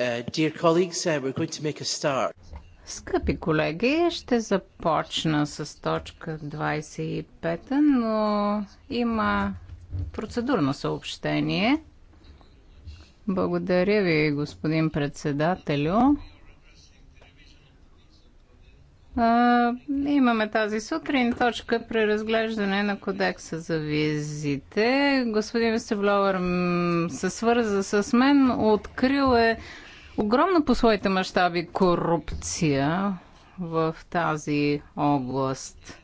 Uh, uh, Скъпи колеги, ще започна с точка 25, но има процедурно съобщение. Благодаря ви, господин председателю. А, имаме тази сутрин точка при разглеждане на кодекса за визите. Господин Вестевловър се свърза с мен, открил е огромна по своите мащаби корупция в тази област.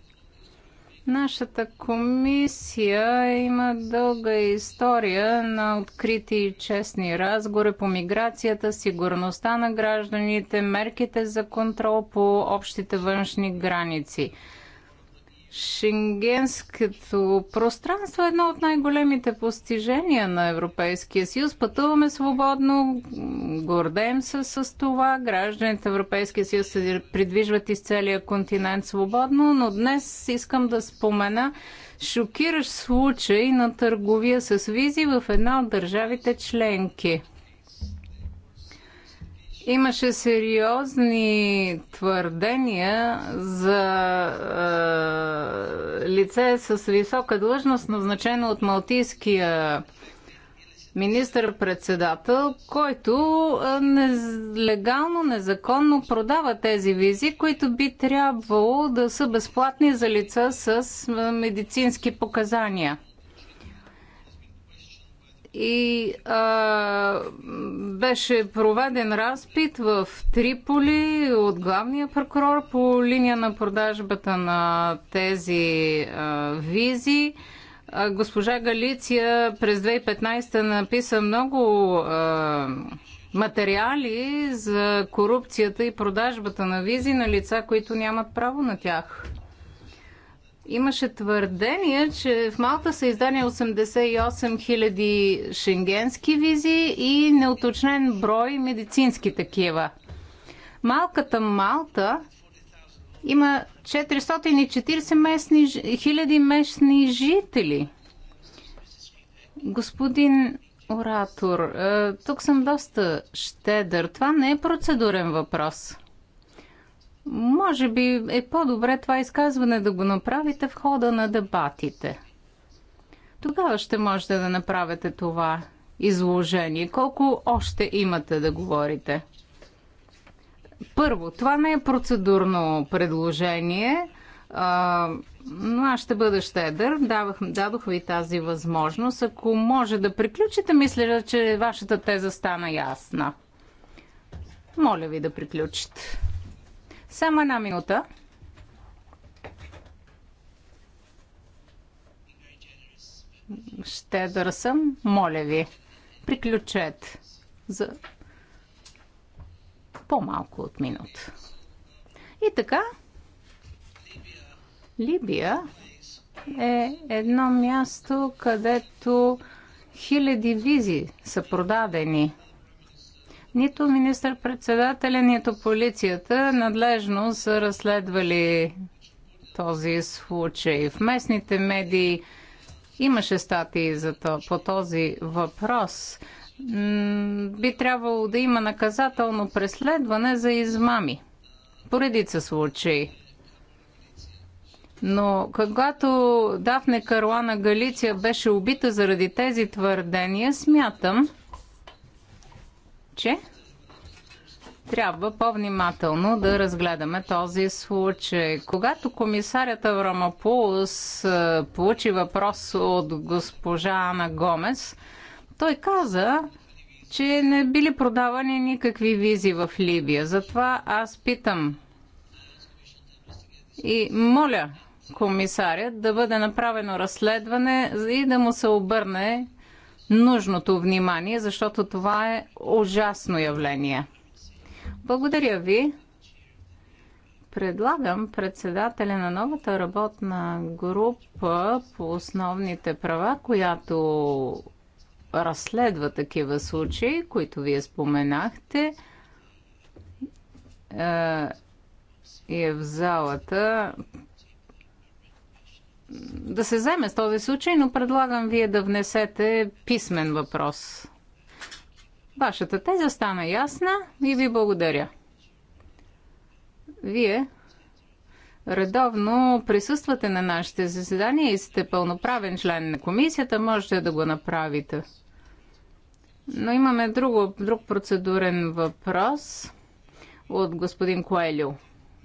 Нашата комисия има дълга история на открити и честни разговори по миграцията, сигурността на гражданите, мерките за контрол по общите външни граници. Шенгенското пространство е едно от най-големите постижения на Европейския съюз. Пътуваме свободно, гордеем се с това. Гражданите Европейския съюз се придвижват из целия континент свободно, но днес искам да спомена шокиращ случай на търговия с визи в една от държавите членки – Имаше сериозни твърдения за е, лице с висока длъжност, назначено от малтийския министър-председател, който е, легално, незаконно продава тези визи, които би трябвало да са безплатни за лица с е, медицински показания и а, беше проведен разпит в Триполи от главния прокурор по линия на продажбата на тези а, визи. А, госпожа Галиция през 2015 написа много а, материали за корупцията и продажбата на визи на лица, които нямат право на тях. Имаше твърдение, че в Малта са издани 88 000 шенгенски визи и неуточнен брой медицински такива. Малката Малта има 440 местни, хиляди местни жители. Господин оратор, е, тук съм доста щедър. Това не е процедурен въпрос. Може би е по-добре това изказване да го направите в хода на дебатите. Тогава ще можете да направите това изложение. Колко още имате да говорите? Първо, това не е процедурно предложение, а, но аз ще бъда щедър. Давах, дадох ви тази възможност. Ако може да приключите, мисля, че вашата теза стана ясна. Моля ви да приключите. Само една минута. Щедър съм, моля ви. Приключете за по-малко от минута. И така, Либия е едно място, където хиляди визи са продадени нито министър-председателя, нито полицията надлежно са разследвали този случай. В местните медии имаше статии за то, по този въпрос. Би трябвало да има наказателно преследване за измами. Поредица случаи. Но когато Дафне Каруана Галиция беше убита заради тези твърдения, смятам, че трябва по-внимателно да разгледаме този случай. Когато комисарят Аврамопулс е, получи въпрос от госпожа Ана Гомес, той каза, че не били продавани никакви визи в Либия. Затова аз питам и моля комисарят да бъде направено разследване и да му се обърне нужното внимание, защото това е ужасно явление. Благодаря ви. Предлагам председателя на новата работна група по основните права, която разследва такива случаи, които вие споменахте, е, е в залата да се вземе с този случай, но предлагам вие да внесете писмен въпрос. Вашата теза стана ясна и ви благодаря. Вие редовно присъствате на нашите заседания и сте пълноправен член на комисията, можете да го направите. Но имаме друго, друг процедурен въпрос от господин Коелю.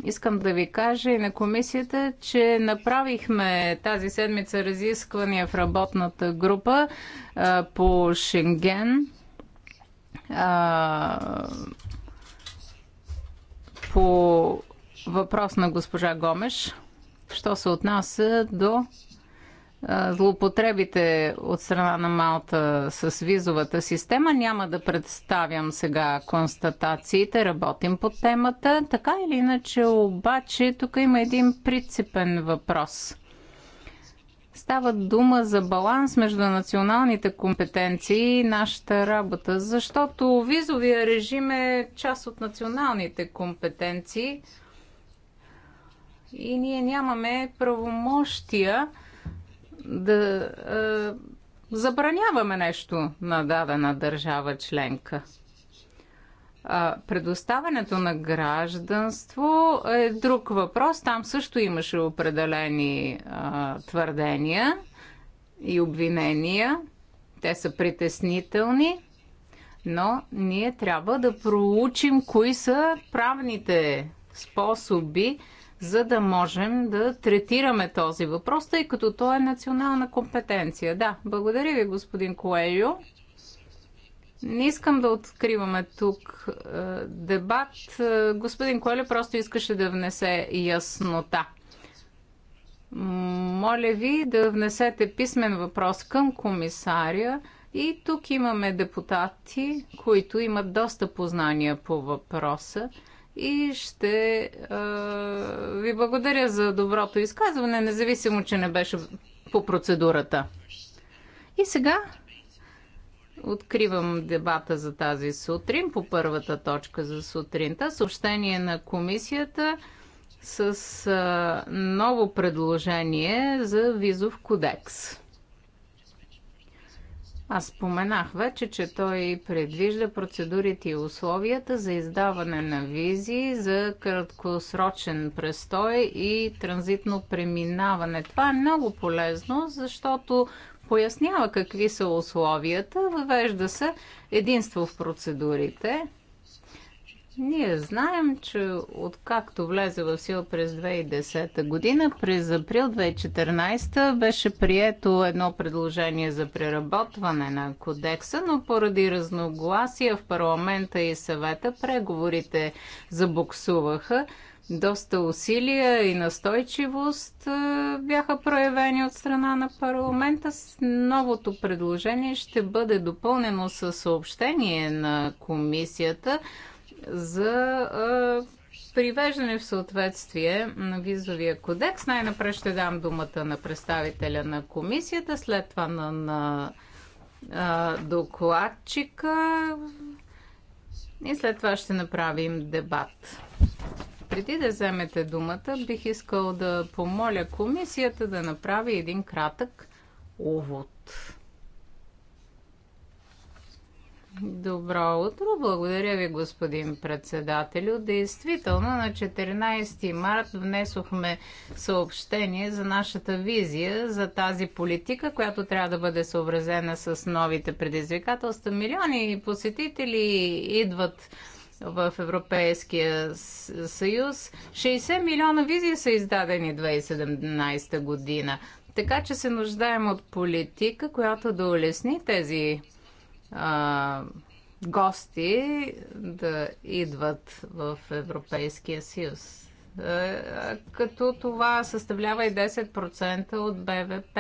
Искам да ви кажа и на комисията, че направихме тази седмица разисквания в работната група а, по Шенген. А, по въпрос на госпожа Гомеш, що се отнася до злоупотребите от страна на Малта с визовата система. Няма да представям сега констатациите, работим по темата. Така или иначе, обаче, тук има един принципен въпрос. Става дума за баланс между националните компетенции и нашата работа, защото визовия режим е част от националните компетенции и ние нямаме правомощия да е, забраняваме нещо на дадена държава членка. Предоставянето на гражданство е друг въпрос. Там също имаше определени а, твърдения и обвинения. Те са притеснителни, но ние трябва да проучим кои са правните способи за да можем да третираме този въпрос, тъй като то е национална компетенция. Да, благодаря ви, господин Коелю. Не искам да откриваме тук е, дебат. Е, господин Коелю просто искаше да внесе яснота. Моля ви да внесете писмен въпрос към комисаря. И тук имаме депутати, които имат доста познания по въпроса и ще а, ви благодаря за доброто изказване, независимо, че не беше по процедурата. И сега Откривам дебата за тази сутрин по първата точка за сутринта. Съобщение на комисията с а, ново предложение за визов кодекс. Аз споменах вече, че той предвижда процедурите и условията за издаване на визи за краткосрочен престой и транзитно преминаване. Това е много полезно, защото пояснява какви са условията, въвежда се единство в процедурите ние знаем, че откакто влезе в сила през 2010 година, през април 2014 беше прието едно предложение за преработване на кодекса, но поради разногласия в парламента и съвета преговорите забуксуваха. Доста усилия и настойчивост е, бяха проявени от страна на парламента. С новото предложение ще бъде допълнено със съобщение на комисията – за привеждане в съответствие на визовия кодекс. Най-напред ще дам думата на представителя на комисията, след това на, на а, докладчика и след това ще направим дебат. Преди да вземете думата, бих искал да помоля комисията да направи един кратък увод. Добро утро. Благодаря ви, господин председателю. Действително, на 14 март внесохме съобщение за нашата визия за тази политика, която трябва да бъде съобразена с новите предизвикателства. Милиони посетители идват в Европейския съюз. 60 милиона визии са издадени 2017 година. Така че се нуждаем от политика, която да улесни тези а, гости да идват в Европейския съюз. Е, като това съставлява и 10% от БВП.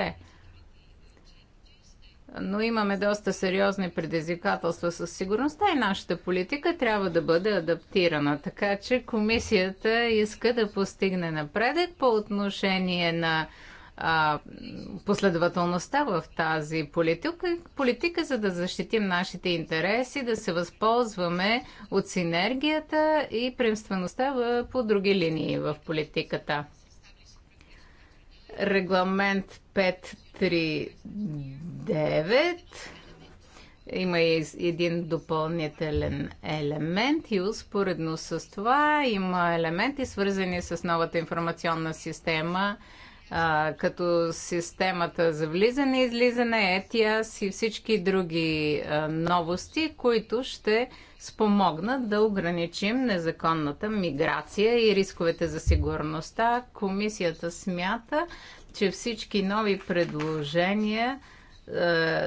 Но имаме доста сериозни предизвикателства със сигурността и нашата политика трябва да бъде адаптирана. Така че комисията иска да постигне напредък по отношение на а, последователността в тази политика, политика, за да защитим нашите интереси, да се възползваме от синергията и преемствеността по други линии в политиката. Регламент 539 има и един допълнителен елемент и успоредно с това има елементи свързани с новата информационна система – а, като системата за влизане, и излизане, ETIAS и всички други а, новости, които ще спомогнат да ограничим незаконната миграция и рисковете за сигурността. Комисията смята, че всички нови предложения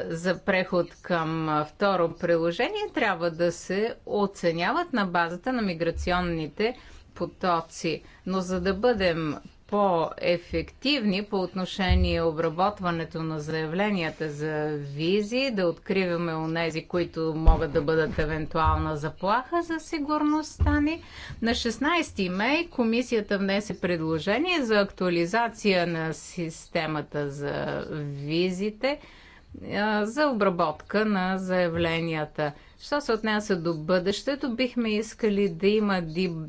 за преход към второ приложение трябва да се оценяват на базата на миграционните потоци. Но за да бъдем по-ефективни по отношение обработването на заявленията за визи, да откриваме онези, които могат да бъдат евентуална заплаха за сигурността ни. На 16 май комисията внесе предложение за актуализация на системата за визите за обработка на заявленията. Що се отнася до бъдещето, бихме искали да има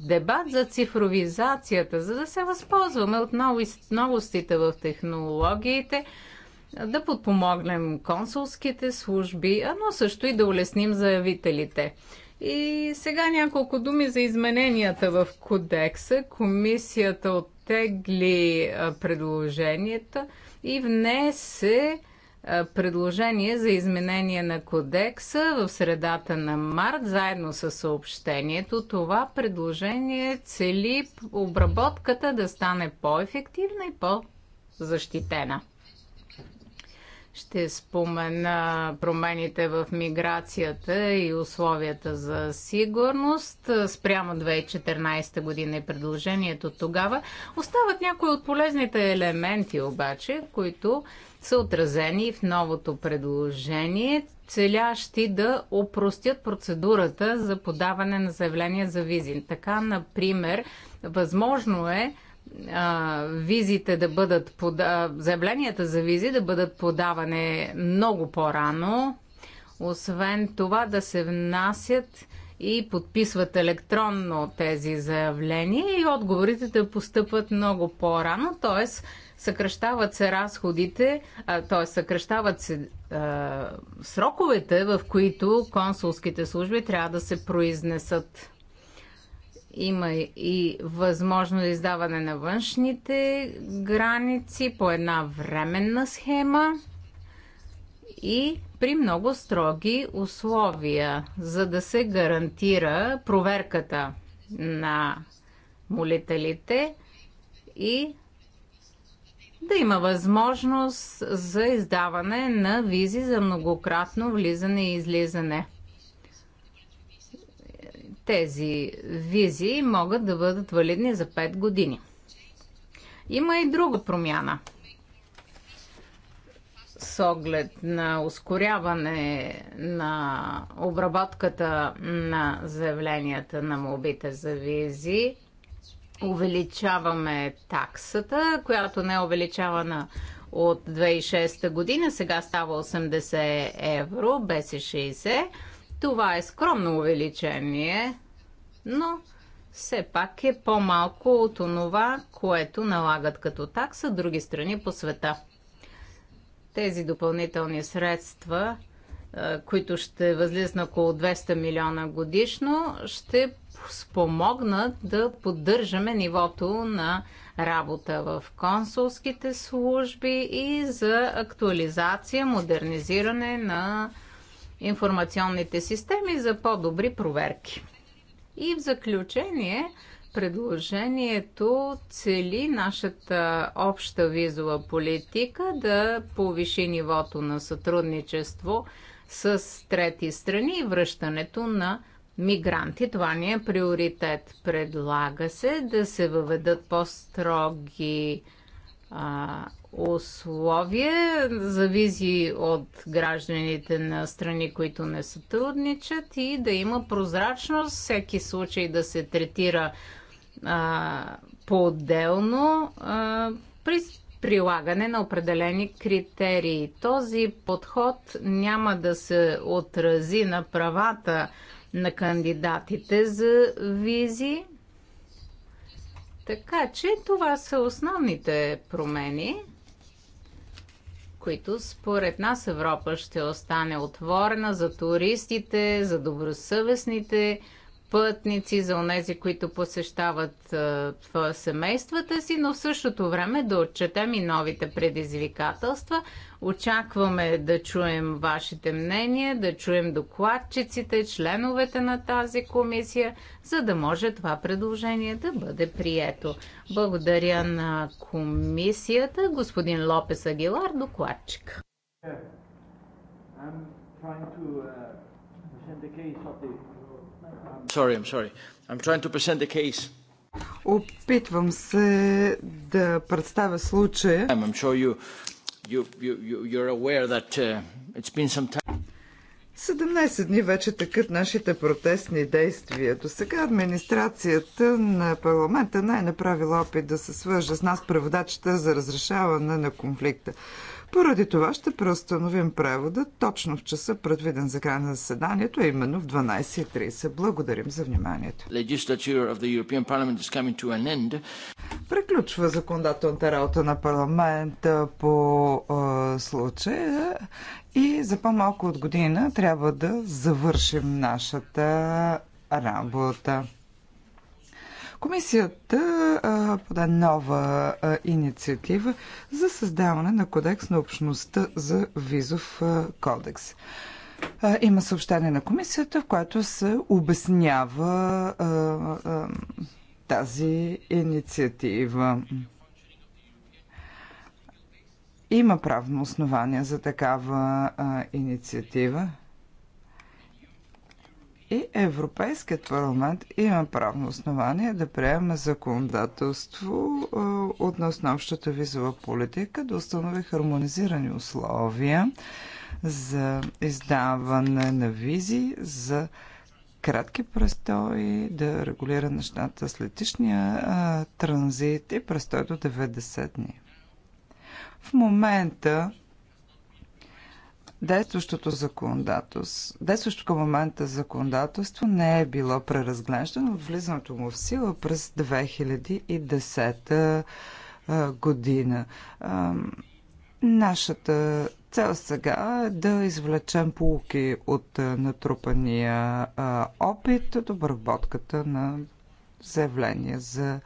дебат за цифровизацията, за да се възползваме от новостите в технологиите, да подпомогнем консулските служби, а но също и да улесним заявителите. И сега няколко думи за измененията в кодекса. Комисията оттегли предложенията и внесе е, предложение за изменение на кодекса в средата на март, заедно с съобщението. Това предложение цели обработката да стане по-ефективна и по-защитена. Ще спомена промените в миграцията и условията за сигурност спрямо 2014 година и е предложението тогава. Остават някои от полезните елементи обаче, които са отразени в новото предложение, целящи да опростят процедурата за подаване на заявления за визи. Така, например, възможно е а, визите да бъдат пода... заявленията за визи да бъдат подаване много по-рано. Освен това да се внасят и подписват електронно тези заявления и отговорите да постъпват много по-рано, т.е съкръщават се разходите, т.е. съкръщават се а, сроковете, в които консулските служби трябва да се произнесат. Има и възможно издаване на външните граници по една временна схема и при много строги условия, за да се гарантира проверката на молителите и да има възможност за издаване на визи за многократно влизане и излизане. Тези визи могат да бъдат валидни за 5 години. Има и друга промяна с оглед на ускоряване на обработката на заявленията на молбите за визи увеличаваме таксата, която не е увеличавана от 2006 година, сега става 80 евро, без 60. Това е скромно увеличение, но все пак е по-малко от онова, което налагат като такса други страни по света. Тези допълнителни средства, които ще възлизат на около 200 милиона годишно, ще спомогнат да поддържаме нивото на работа в консулските служби и за актуализация, модернизиране на информационните системи за по-добри проверки. И в заключение, предложението цели нашата обща визова политика да повиши нивото на сътрудничество с трети страни и връщането на мигранти. Това ни е приоритет. Предлага се да се въведат по-строги условия, зависи от гражданите на страни, които не сътрудничат и да има прозрачност, всеки случай да се третира по-отделно при прилагане на определени критерии. Този подход няма да се отрази на правата на кандидатите за визи. Така че това са основните промени, които според нас Европа ще остане отворена за туристите, за добросъвестните пътници, за онези, които посещават а, семействата си, но в същото време да отчетем и новите предизвикателства. Очакваме да чуем вашите мнения, да чуем докладчиците, членовете на тази комисия, за да може това предложение да бъде прието. Благодаря на комисията, господин Лопес Агилар, докладчик. I'm trying to uh, present the case of the Sorry, I'm sorry. I'm trying to present the case. Опитвам се да представя случая. I'm sure you, you, you, you're aware that uh, it's been some time. 17 дни вече такът нашите протестни действия. До сега администрацията на парламента най-направила е опит да се свърже с нас преводачите за разрешаване на конфликта. Поради това ще преустановим превода точно в часа, предвиден за края на заседанието, а именно в 12.30. Благодарим за вниманието. Приключва законодателната работа на парламента по е, случая и за по-малко от година трябва да завършим нашата работа. Комисията пода нова инициатива за създаване на кодекс на общността за визов кодекс. Има съобщение на комисията, в което се обяснява тази инициатива. Има правно основание за такава а, инициатива. И Европейският парламент има правно основание да приеме законодателство относно общата визова политика, да установи хармонизирани условия за издаване на визи за кратки престои, да регулира нещата с летишния транзит и престой до 90 дни. В момента Действащото законодателство, действащото към момента законодателство не е било преразглеждано от влизането му в сила през 2010 година. Нашата цел сега е да извлечем полуки от натрупания опит от обработката на заявления за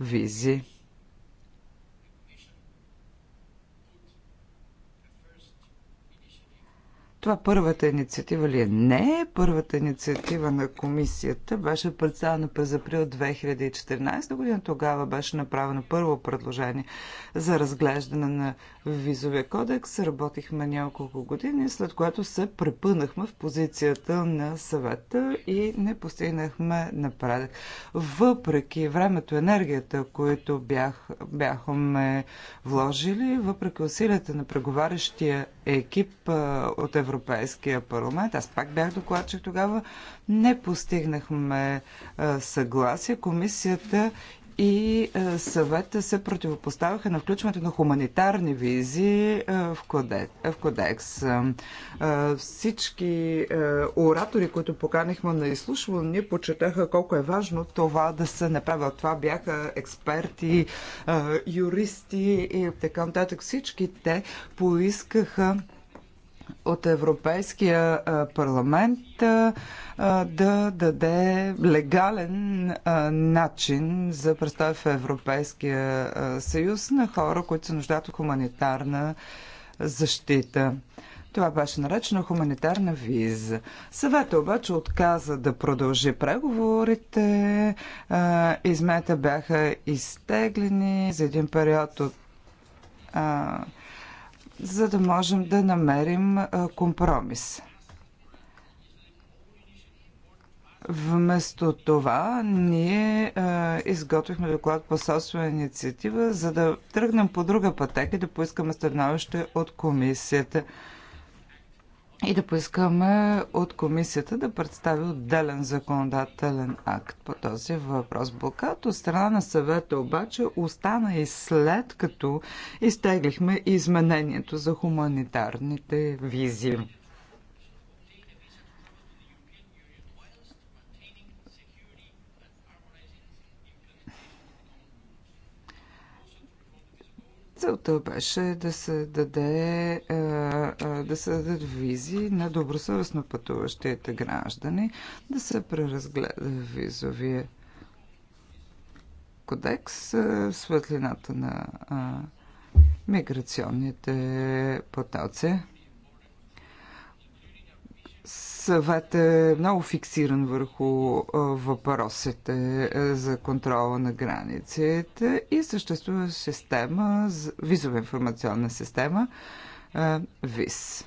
визи. Това първата инициатива ли е? Не, първата инициатива на комисията беше представена през април 2014 година. Тогава беше направено първо предложение за разглеждане на визовия кодекс. Работихме няколко години, след което се препънахме в позицията на съвета и не постигнахме напредък. Въпреки времето, енергията, които бях, бяхме вложили, въпреки усилията на преговарящия екип от Европейския парламент, аз пак бях докладчик тогава, не постигнахме съгласие. Комисията и е, съвета се противопоставяха на включването на хуманитарни визи е, в кодекс. Е, всички оратори, които поканихме на изслушване, почетаха колко е важно това да се направи. Това бяха експерти, юристи и така нататък. Всички те поискаха от Европейския парламент да даде легален начин за представя в Европейския съюз на хора, които се нуждаят от хуманитарна защита. Това беше наречено хуманитарна виза. Съвета обаче отказа да продължи преговорите. Измета бяха изтеглени за един период от за да можем да намерим компромис. Вместо това, ние а, е, изготвихме доклад по собствена инициатива, за да тръгнем по друга пътека и да поискаме становище от комисията и да поискаме от комисията да представи отделен законодателен акт по този въпрос. Блокад от страна на съвета обаче остана и след като изтеглихме изменението за хуманитарните визи. Целта беше да се, даде, е, е, да се дадат визи на добросъвестно пътуващите граждани, да се преразгледа визовия кодекс е, в светлината на миграционните потоци. Съвет е много фиксиран върху въпросите за контрола на границите и съществува система, визова информационна система, ВИС.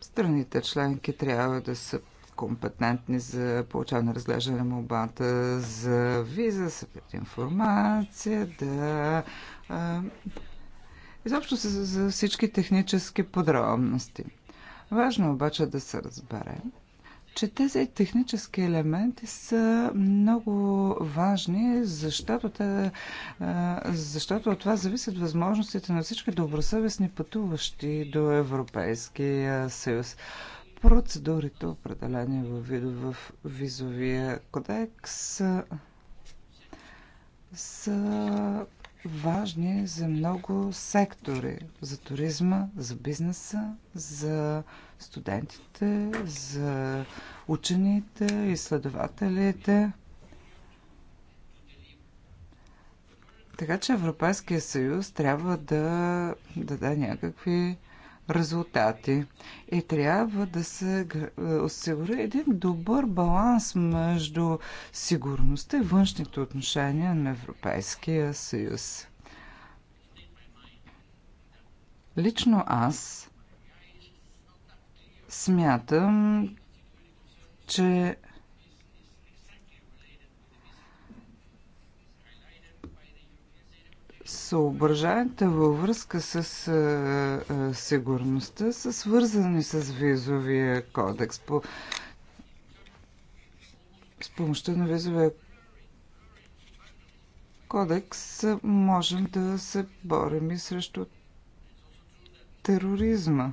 Страните членки трябва да са компетентни за получаване на разглеждане на мобата за виза, събират информация, да Изобщо за всички технически подробности. Важно обаче да се разбере, че тези технически елементи са много важни, защото, те, защото от това зависят възможностите на всички добросъвестни пътуващи до Европейския съюз. Процедурите, определени във в визовия кодекс, са важни за много сектори. За туризма, за бизнеса, за студентите, за учените, изследователите. Така че Европейския съюз трябва да даде някакви резултати. И трябва да се е, осигури един добър баланс между сигурността и външните отношения на Европейския съюз. Лично аз смятам, че Съображанията във връзка с а, а, сигурността са свързани с визовия кодекс. По, с помощта на визовия кодекс можем да се борим и срещу тероризма.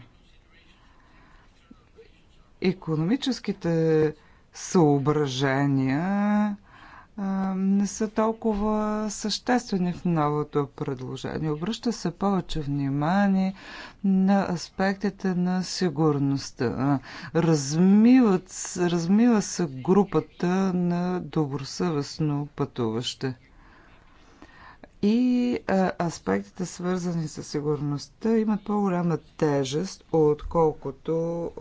Економическите съображения не са толкова съществени в новото предложение. Обръща се повече внимание на аспектите на сигурността. Размиват, размива се групата на добросъвестно пътуваще. И а, аспектите, свързани с сигурността, имат по-голяма тежест, отколкото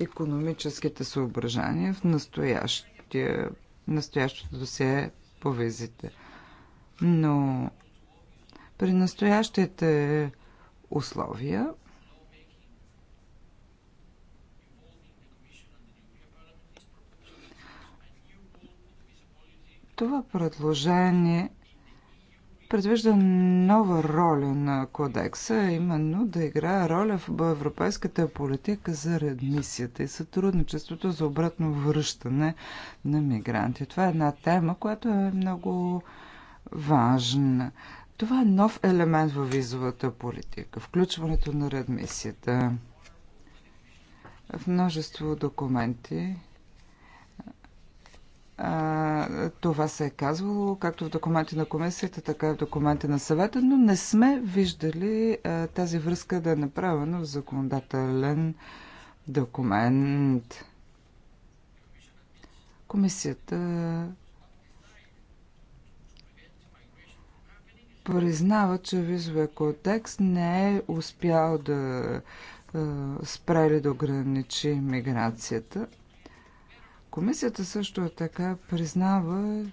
економическите съображения в настоящия настоящото досие по визите. Но при настоящите условия това предложение предвижда нова роля на кодекса, именно да играе роля в европейската политика за редмисията и сътрудничеството за обратно връщане на мигранти. Това е една тема, която е много важна. Това е нов елемент във визовата политика, включването на редмисията в множество документи това се е казвало както в документи на комисията, така и в документи на съвета, но не сме виждали тази връзка да е направена в законодателен документ. Комисията признава, че визовия кодекс не е успял да спре или да ограничи миграцията. Комисията също е така признава,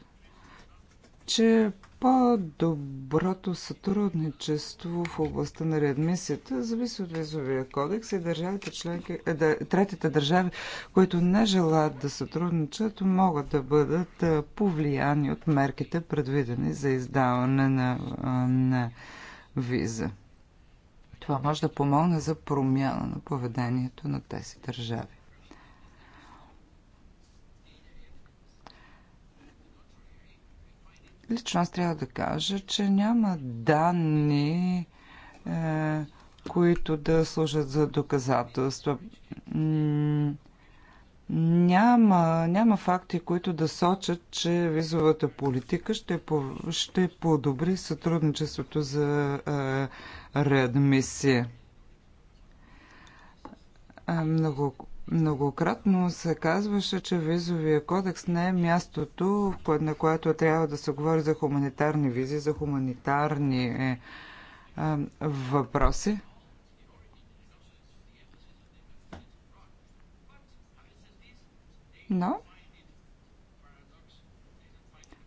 че по-доброто сътрудничество в областта на реадмисията зависи от визовия кодекс и държавите членки, е, да, третите държави, които не желаят да сътрудничат, могат да бъдат повлияни от мерките, предвидени за издаване на, на виза. Това може да помогне за промяна на поведението на тези държави. Лично аз трябва да кажа, че няма данни, е, които да служат за доказателства. Няма, няма факти, които да сочат, че визовата политика ще, по, ще подобри сътрудничеството за е, реадмисия. Е, много Многократно се казваше, че визовия кодекс не е мястото, на което трябва да се говори за хуманитарни визи, за хуманитарни е, е, въпроси. Но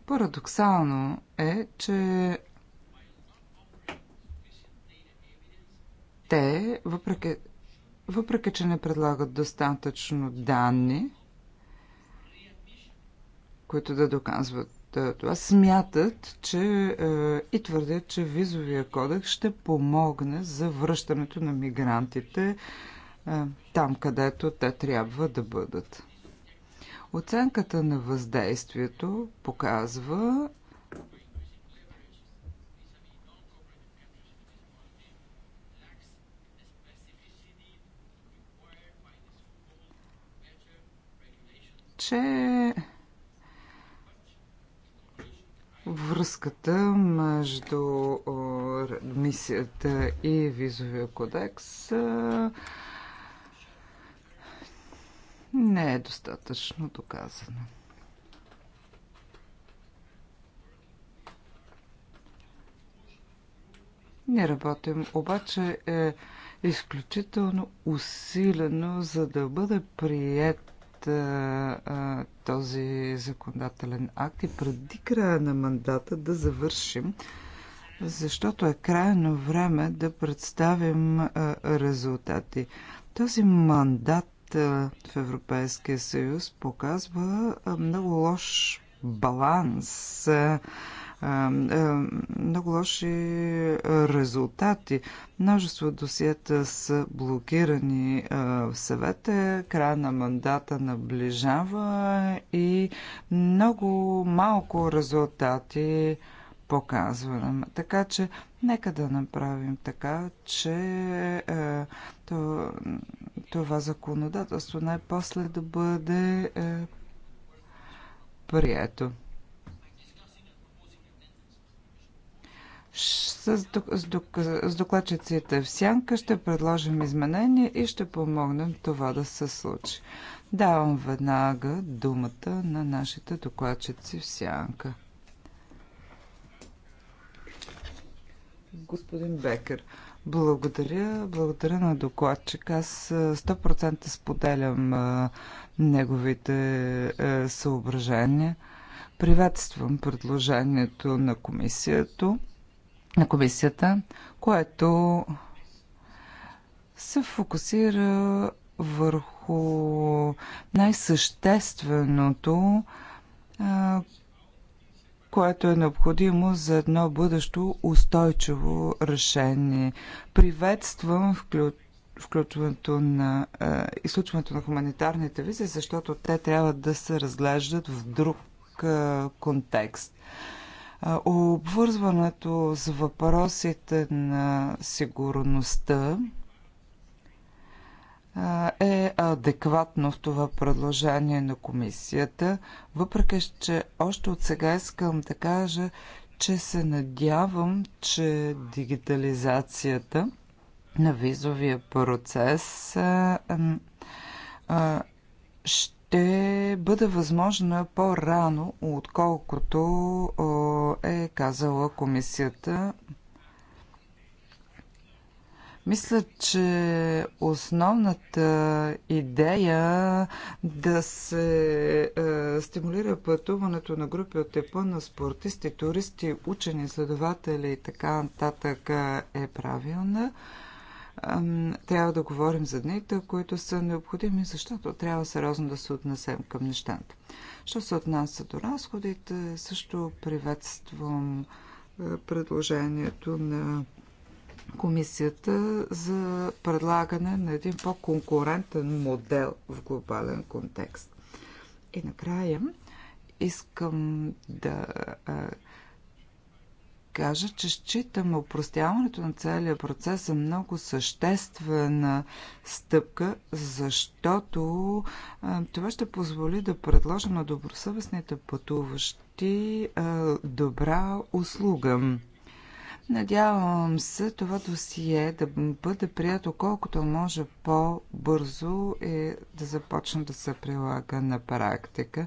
парадоксално е, че те, въпреки въпреки че не предлагат достатъчно данни, които да доказват това, смятат, че е, и твърдят, че визовия кодекс ще помогне за връщането на мигрантите е, там, където те трябва да бъдат. Оценката на въздействието показва, че връзката между мисията и визовия кодекс не е достатъчно доказана. Не работим, обаче е изключително усилено, за да бъде прият а, а, този законодателен акт и преди края на мандата да завършим, защото е крайно време да представим а, резултати. Този мандат а, в Европейския съюз показва а, много лош баланс. А, много лоши резултати. Множество досиета са блокирани в съвета, края на мандата наближава и много малко резултати показваме. Така че, нека да направим така, че това законодателство най-после да бъде прието. с докладчиците в сянка ще предложим изменения и ще помогнем това да се случи. Давам веднага думата на нашите докладчици в сянка. Господин Бекер, благодаря. Благодаря на докладчик. Аз 100% споделям а, неговите а, съображения. Приветствам предложението на комисията на комисията, което се фокусира върху най-същественото, което е необходимо за едно бъдещо устойчиво решение. Приветствам включването на, изключването на хуманитарните визи, защото те трябва да се разглеждат в друг контекст. Обвързването с въпросите на сигурността е адекватно в това предложение на комисията, въпреки че още от сега искам да кажа, че се надявам, че дигитализацията на визовия процес ще ще бъде възможна по-рано, отколкото е казала комисията. Мисля, че основната идея да се е, стимулира пътуването на групи от типа на спортисти, туристи, учени, следователи и така нататък е правилна трябва да говорим за дните, които са необходими, защото трябва сериозно да се отнесем към нещата. Що се отнася до разходите, също приветствам е, предложението на комисията за предлагане на един по-конкурентен модел в глобален контекст. И накрая искам да е, кажа, че считам упростяването на целия процес за много съществена стъпка, защото това ще позволи да предложим на добросъвестните пътуващи добра услуга. Надявам се това досие да бъде прието колкото може по-бързо и да започне да се прилага на практика.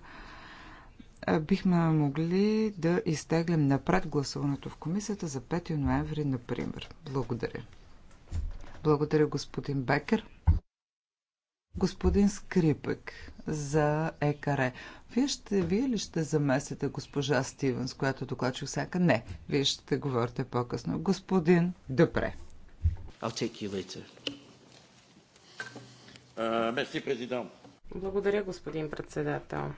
Е, бихме могли да изтеглим напред гласуването в комисията за 5 ноември, например. Благодаря. Благодаря, господин Бекер. Господин Скрипък за ЕКАРЕ. Вие, ще, вие ли ще замесите госпожа Стивенс, която докладчи всяка? Не. Вие ще говорите по-късно. Господин Депре. Uh, merci, Благодаря, господин председател.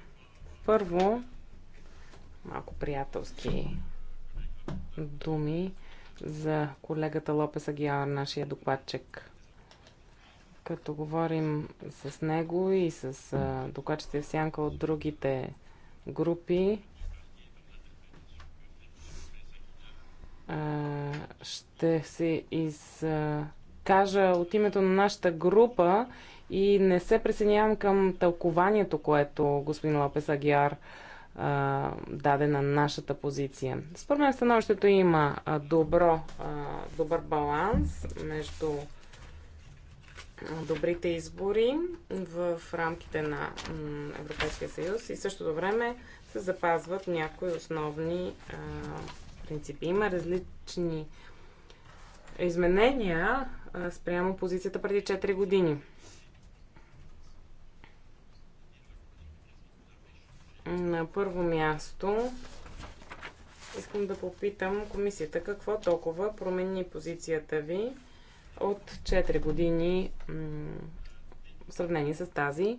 Първо, малко приятелски думи за колегата Лопес Агиар, нашия докладчик. Като говорим с него и с докладчите в сянка от другите групи, ще се изкажа от името на нашата група и не се присъединявам към тълкованието, което господин Лопес Агиар даде на нашата позиция. Според мен становището има добро, добър баланс между добрите избори в рамките на Европейския съюз и същото време се запазват някои основни принципи. Има различни изменения спрямо позицията преди 4 години. На първо място искам да попитам комисията какво толкова промени позицията ви от 4 години в сравнение с тази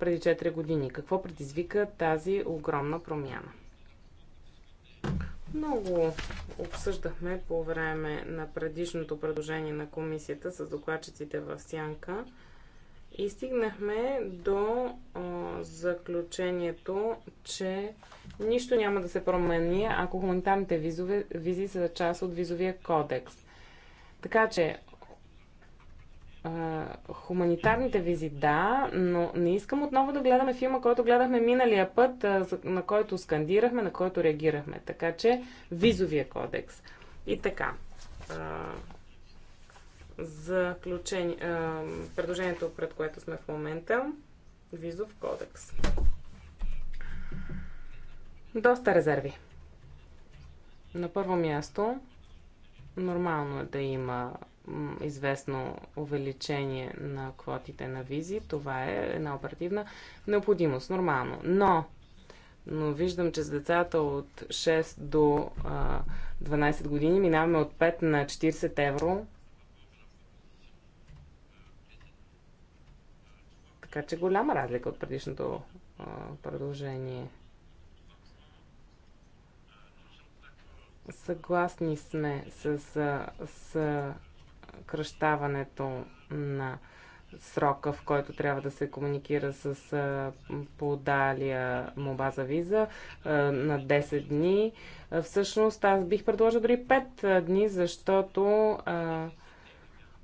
преди 4 години. Какво предизвика тази огромна промяна? Много обсъждахме по време на предишното предложение на комисията с докладчиците в Сянка – и стигнахме до а, заключението, че нищо няма да се промени, ако хуманитарните визове, визи са част от визовия кодекс. Така че хуманитарните визи, да, но не искам отново да гледаме филма, който гледахме миналия път, на който скандирахме, на който реагирахме. Така че визовия кодекс. И така заключение, а, предложението, пред което сме в момента, визов кодекс. Доста резерви. На първо място, нормално е да има известно увеличение на квотите на визи. Това е една оперативна необходимост, нормално. Но, но виждам, че с децата от 6 до а, 12 години минаваме от 5 на 40 евро Така че голяма разлика от предишното а, предложение. Съгласни сме с, с, с кръщаването на срока, в който трябва да се комуникира с а, подалия моба за виза а, на 10 дни. А, всъщност аз бих предложил дори 5 дни, защото а,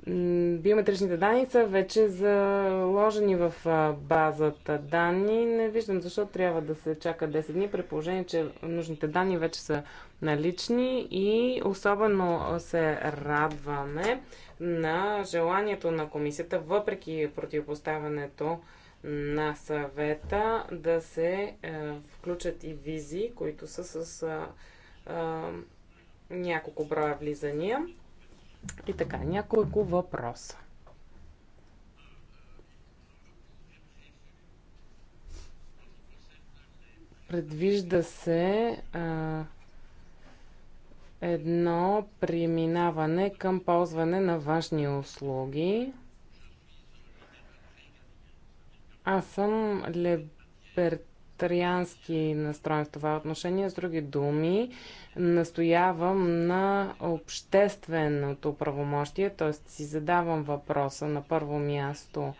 биометричните данни са вече заложени в базата данни. Не виждам защо трябва да се чака 10 дни, при положение, че нужните данни вече са налични и особено се радваме на желанието на комисията, въпреки противопоставянето на съвета, да се е, включат и визи, които са с няколко броя влизания. И така, няколко въпроса. Предвижда се а, едно преминаване към ползване на външни услуги. Аз съм либерт либертариански настроен в това отношение. С други думи, настоявам на общественото правомощие, т.е. си задавам въпроса на първо място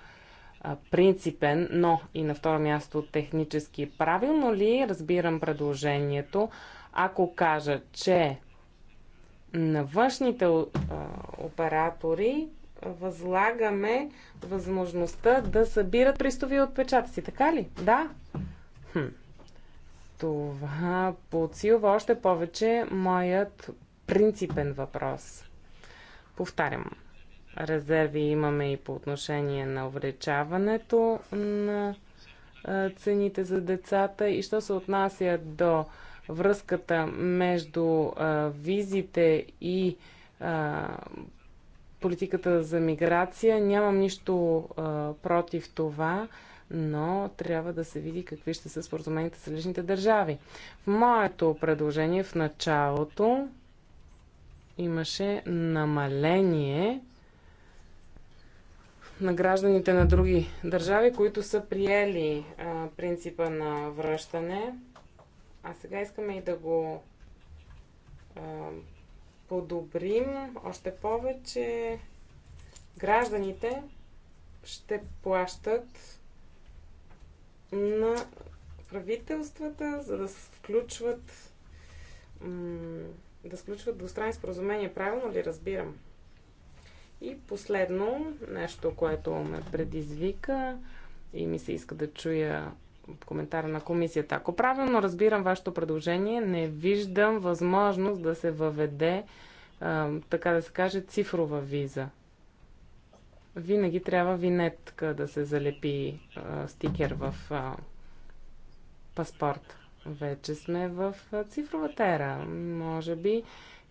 принципен, но и на второ място технически. Правилно ли разбирам предложението, ако кажа, че на външните оператори възлагаме възможността да събират пристови отпечатъци. Така ли? Да. Хм. Това подсилва още повече моят принципен въпрос. Повтарям, резерви имаме и по отношение на увеличаването на цените за децата и що се отнася до връзката между визите и политиката за миграция. Нямам нищо а, против това но трябва да се види какви ще са споразумените с различните държави. В моето предложение в началото имаше намаление на гражданите на други държави, които са приели а, принципа на връщане. А сега искаме и да го а, подобрим още повече. Гражданите ще плащат на правителствата, за да включват да сключват двустранни споразумения. Правилно ли разбирам? И последно, нещо, което ме предизвика и ми се иска да чуя коментара на комисията. Ако правилно разбирам вашето предложение, не виждам възможност да се въведе, така да се каже, цифрова виза винаги трябва винетка да се залепи а, стикер в а, паспорт. Вече сме в цифровата ера. Може би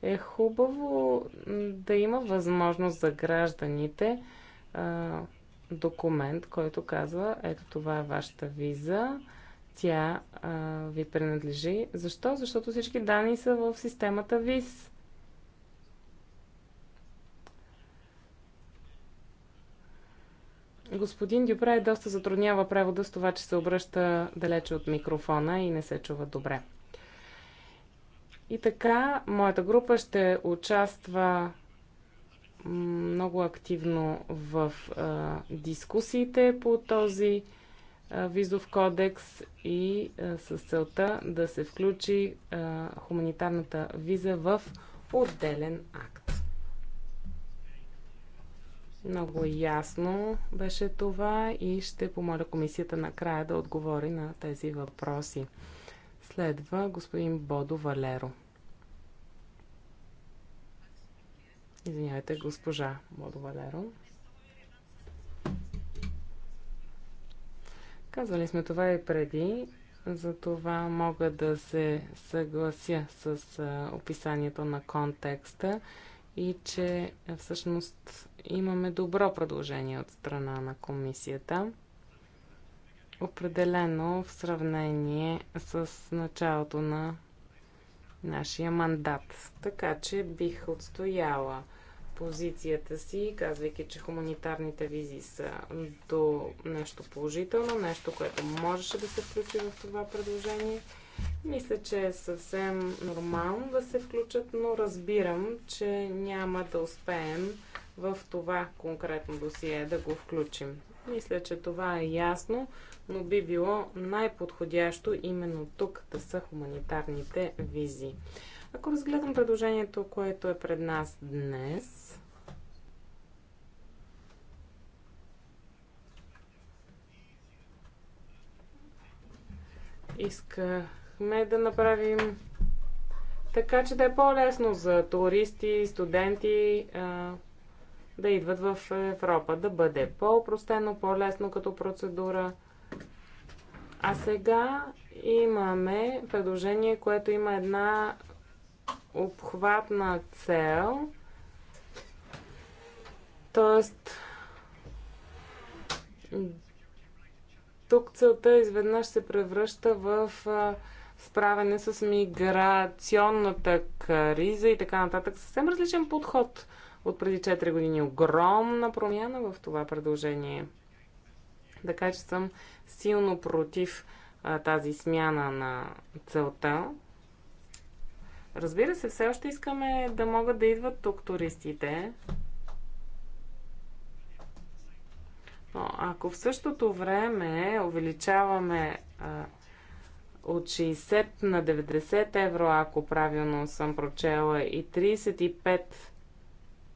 е хубаво да има възможност за гражданите а, документ, който казва, ето това е вашата виза, тя а, ви принадлежи. Защо? Защото всички данни са в системата ВИЗ. Господин Дюпре е доста затруднява превода с това, че се обръща далече от микрофона и не се чува добре. И така, моята група ще участва много активно в а, дискусиите по този а, визов кодекс и а, с целта да се включи а, хуманитарната виза в отделен акт. Много ясно беше това и ще помоля комисията накрая да отговори на тези въпроси. Следва господин Бодо Валеро. Извинявайте, госпожа Бодо Валеро. Казвали сме това и преди, за това мога да се съглася с описанието на контекста и че всъщност имаме добро предложение от страна на комисията. Определено в сравнение с началото на нашия мандат. Така че бих отстояла позицията си, казвайки, че хуманитарните визи са до нещо положително, нещо, което можеше да се включи в това предложение. Мисля, че е съвсем нормално да се включат, но разбирам, че няма да успеем в това конкретно досие да го включим. Мисля, че това е ясно, но би било най-подходящо именно тук да са хуманитарните визи. Ако разгледам предложението, което е пред нас днес, искахме да направим така, че да е по-лесно за туристи, студенти, да идват в Европа, да бъде по-простено, по-лесно като процедура. А сега имаме предложение, което има една обхватна цел, Тоест, тук целта изведнъж се превръща в справяне с миграционната криза и така нататък. Съвсем различен подход от преди 4 години. Огромна промяна в това предложение. Така че съм силно против а, тази смяна на целта. Разбира се, все още искаме да могат да идват тук туристите. Но ако в същото време увеличаваме а, от 60 на 90 евро, ако правилно съм прочела, и 35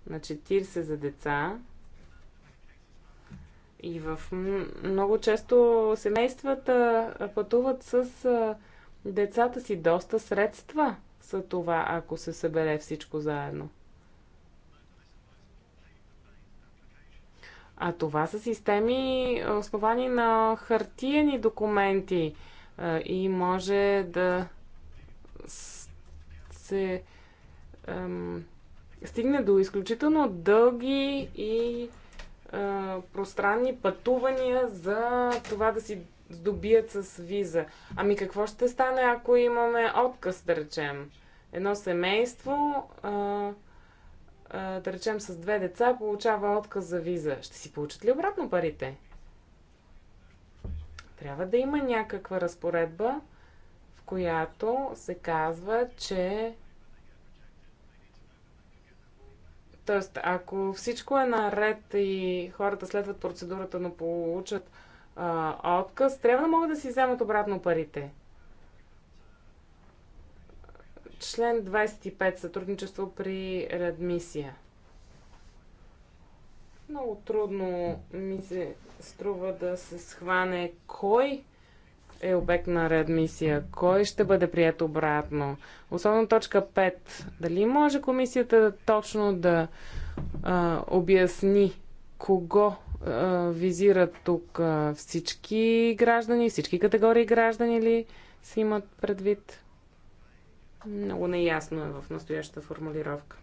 на 40 за деца. И в много често семействата пътуват с децата си доста средства за това, ако се събере всичко заедно. А това са системи, основани на хартиени документи и може да се стигне до изключително дълги и а, пространни пътувания за това да си здобият с виза. Ами какво ще стане, ако имаме отказ, да речем? Едно семейство, а, а, да речем с две деца, получава отказ за виза. Ще си получат ли обратно парите? Трябва да има някаква разпоредба, в която се казва, че Тоест, ако всичко е наред и хората следват процедурата, но получат а, отказ, трябва да могат да си вземат обратно парите. Член 25. Сътрудничество при редмисия. Много трудно ми се струва да се схване кой е обект на реадмисия? Кой ще бъде прият обратно? Особено точка 5. Дали може комисията точно да а, обясни кого а, визират тук а, всички граждани, всички категории граждани ли си имат предвид? Много неясно е в настоящата формулировка.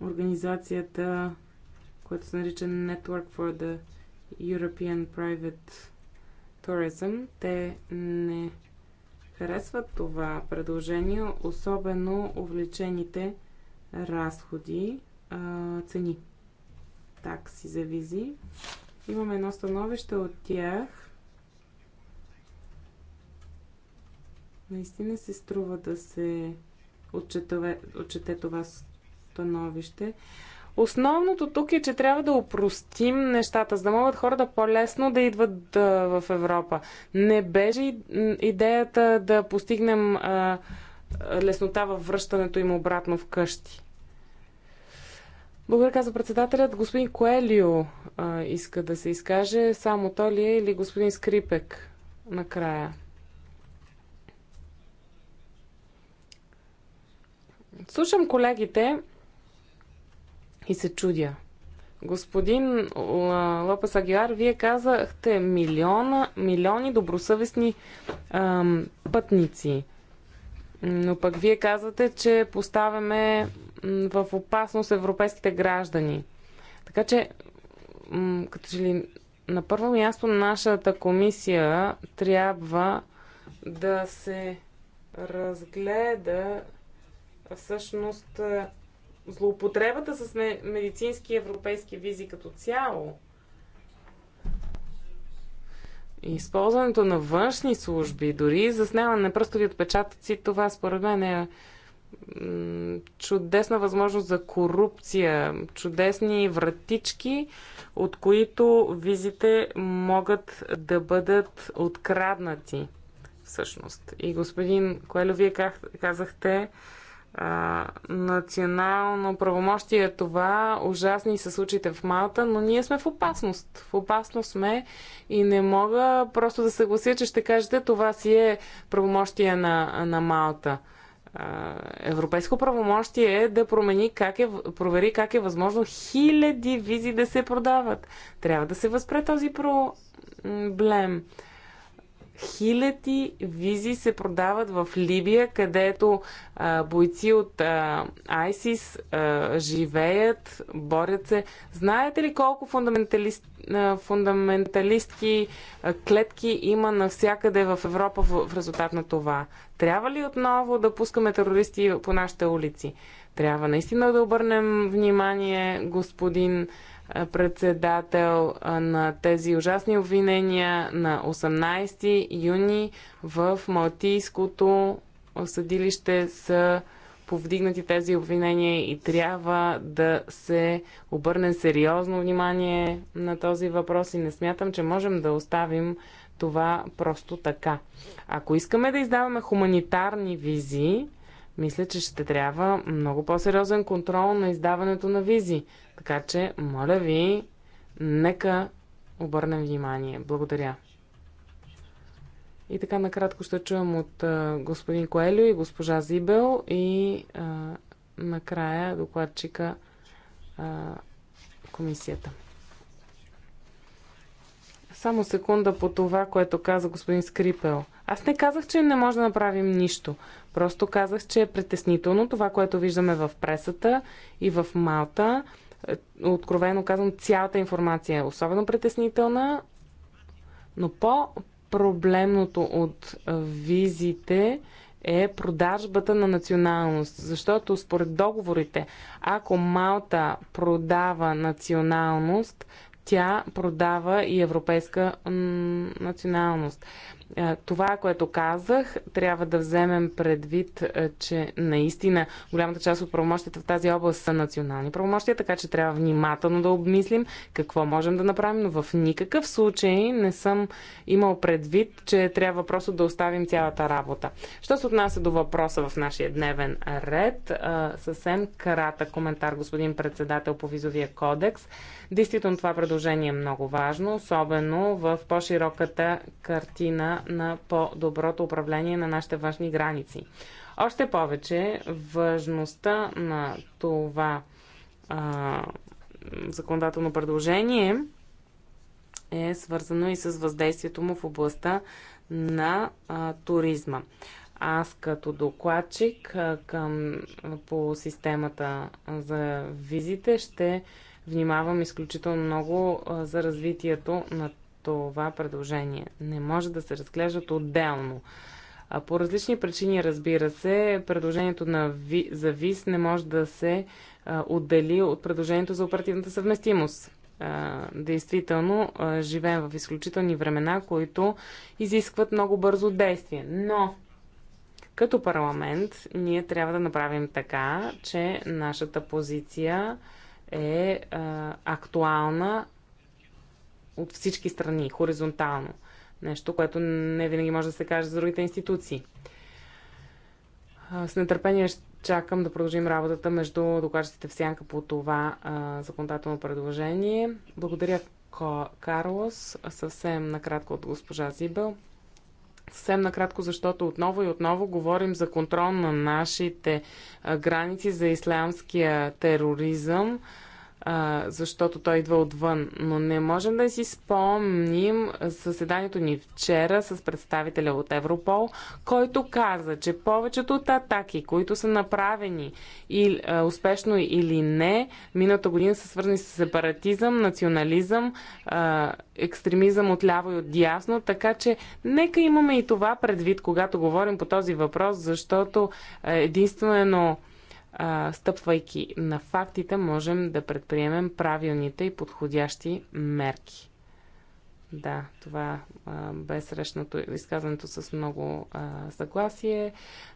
организацията, която се нарича Network for the European Private Tourism. Те не харесват това предложение, особено увлечените разходи, цени, такси за визи. Имаме едно становище от тях. Наистина се струва да се отчете, отчете това становище. Основното тук е, че трябва да упростим нещата, за да могат хората по-лесно да идват в Европа. Не беше идеята да постигнем леснота във връщането им обратно вкъщи. Благодаря, каза председателят. Господин Коелио а, иска да се изкаже. Само то ли е или господин Скрипек накрая? Слушам колегите и се чудя. Господин Лопес Агиар, вие казахте милиона, милиони добросъвестни ам, пътници. Но пък вие казвате, че поставяме в опасност европейските граждани. Така че, като че ли на първо място нашата комисия трябва да се разгледа всъщност злоупотребата с медицински европейски визи като цяло и използването на външни служби, дори заснемане на пръстови отпечатъци, това според мен е чудесна възможност за корупция, чудесни вратички, от които визите могат да бъдат откраднати всъщност. И господин Коелю, вие казахте, национално правомощие е това. Ужасни са случаите в Малта, но ние сме в опасност. В опасност сме и не мога просто да съглася, че ще кажете това си е правомощие на, на Малта. европейско правомощие е да промени как е, провери как е възможно хиляди визи да се продават. Трябва да се възпре този проблем. Хиляди визи се продават в Либия, където а, бойци от а, ISIS а, живеят, борят се. Знаете ли колко фундаменталист, а, фундаменталистки а, клетки има навсякъде в Европа в, в резултат на това? Трябва ли отново да пускаме терористи по нашите улици? Трябва наистина да обърнем внимание, господин председател на тези ужасни обвинения на 18 юни в Малтийското съдилище са повдигнати тези обвинения и трябва да се обърне сериозно внимание на този въпрос и не смятам, че можем да оставим това просто така. Ако искаме да издаваме хуманитарни визи, мисля, че ще трябва много по-сериозен контрол на издаването на визи. Така че, моля ви, нека обърнем внимание. Благодаря. И така накратко ще чуем от а, господин Коелю и госпожа Зибел и а, накрая докладчика а, комисията. Само секунда по това, което каза господин Скрипел. Аз не казах, че не може да направим нищо. Просто казах, че е притеснително това, което виждаме в пресата и в Малта откровено казвам, цялата информация е особено притеснителна, но по-проблемното от визите е продажбата на националност. Защото според договорите, ако Малта продава националност, тя продава и европейска националност. Е, това, което казах, трябва да вземем предвид, е, че наистина голямата част от правомощията в тази област са национални правомощия, така че трябва внимателно да обмислим какво можем да направим, но в никакъв случай не съм имал предвид, че трябва просто да оставим цялата работа. Що се отнася до въпроса в нашия дневен ред, е, съвсем кратък коментар, господин председател, по визовия кодекс. Действително това предложение е много важно, особено в по-широката картина на по-доброто управление на нашите външни граници. Още повече, важността на това а, законодателно предложение е свързано и с въздействието му в областта на а, туризма. Аз като докладчик а, към, по системата за визите ще внимавам изключително много а, за развитието на това предложение. Не може да се разглеждат отделно. А по различни причини, разбира се, предложението на ВИ, за ВИС не може да се а, отдели от предложението за оперативната съвместимост. А, действително, а, живеем в изключителни времена, които изискват много бързо действие. Но, като парламент, ние трябва да направим така, че нашата позиция е а, актуална от всички страни, хоризонтално. Нещо, което не винаги може да се каже за другите институции. С нетърпение чакам да продължим работата между докладчиците в сянка по това а, законодателно предложение. Благодаря, Карлос. Съвсем накратко от госпожа Зибел. Съвсем накратко, защото отново и отново говорим за контрол на нашите граници, за ислямския тероризъм а, защото той идва отвън. Но не можем да си спомним съседанието ни вчера с представителя от Европол, който каза, че повечето от атаки, които са направени и, а, успешно или не, миналата година са свързани с сепаратизъм, национализъм, а, екстремизъм от ляво и от дясно, така че нека имаме и това предвид, когато говорим по този въпрос, защото единствено а, стъпвайки на фактите, можем да предприемем правилните и подходящи мерки. Да, това бе срещнато изказването с много а, съгласие.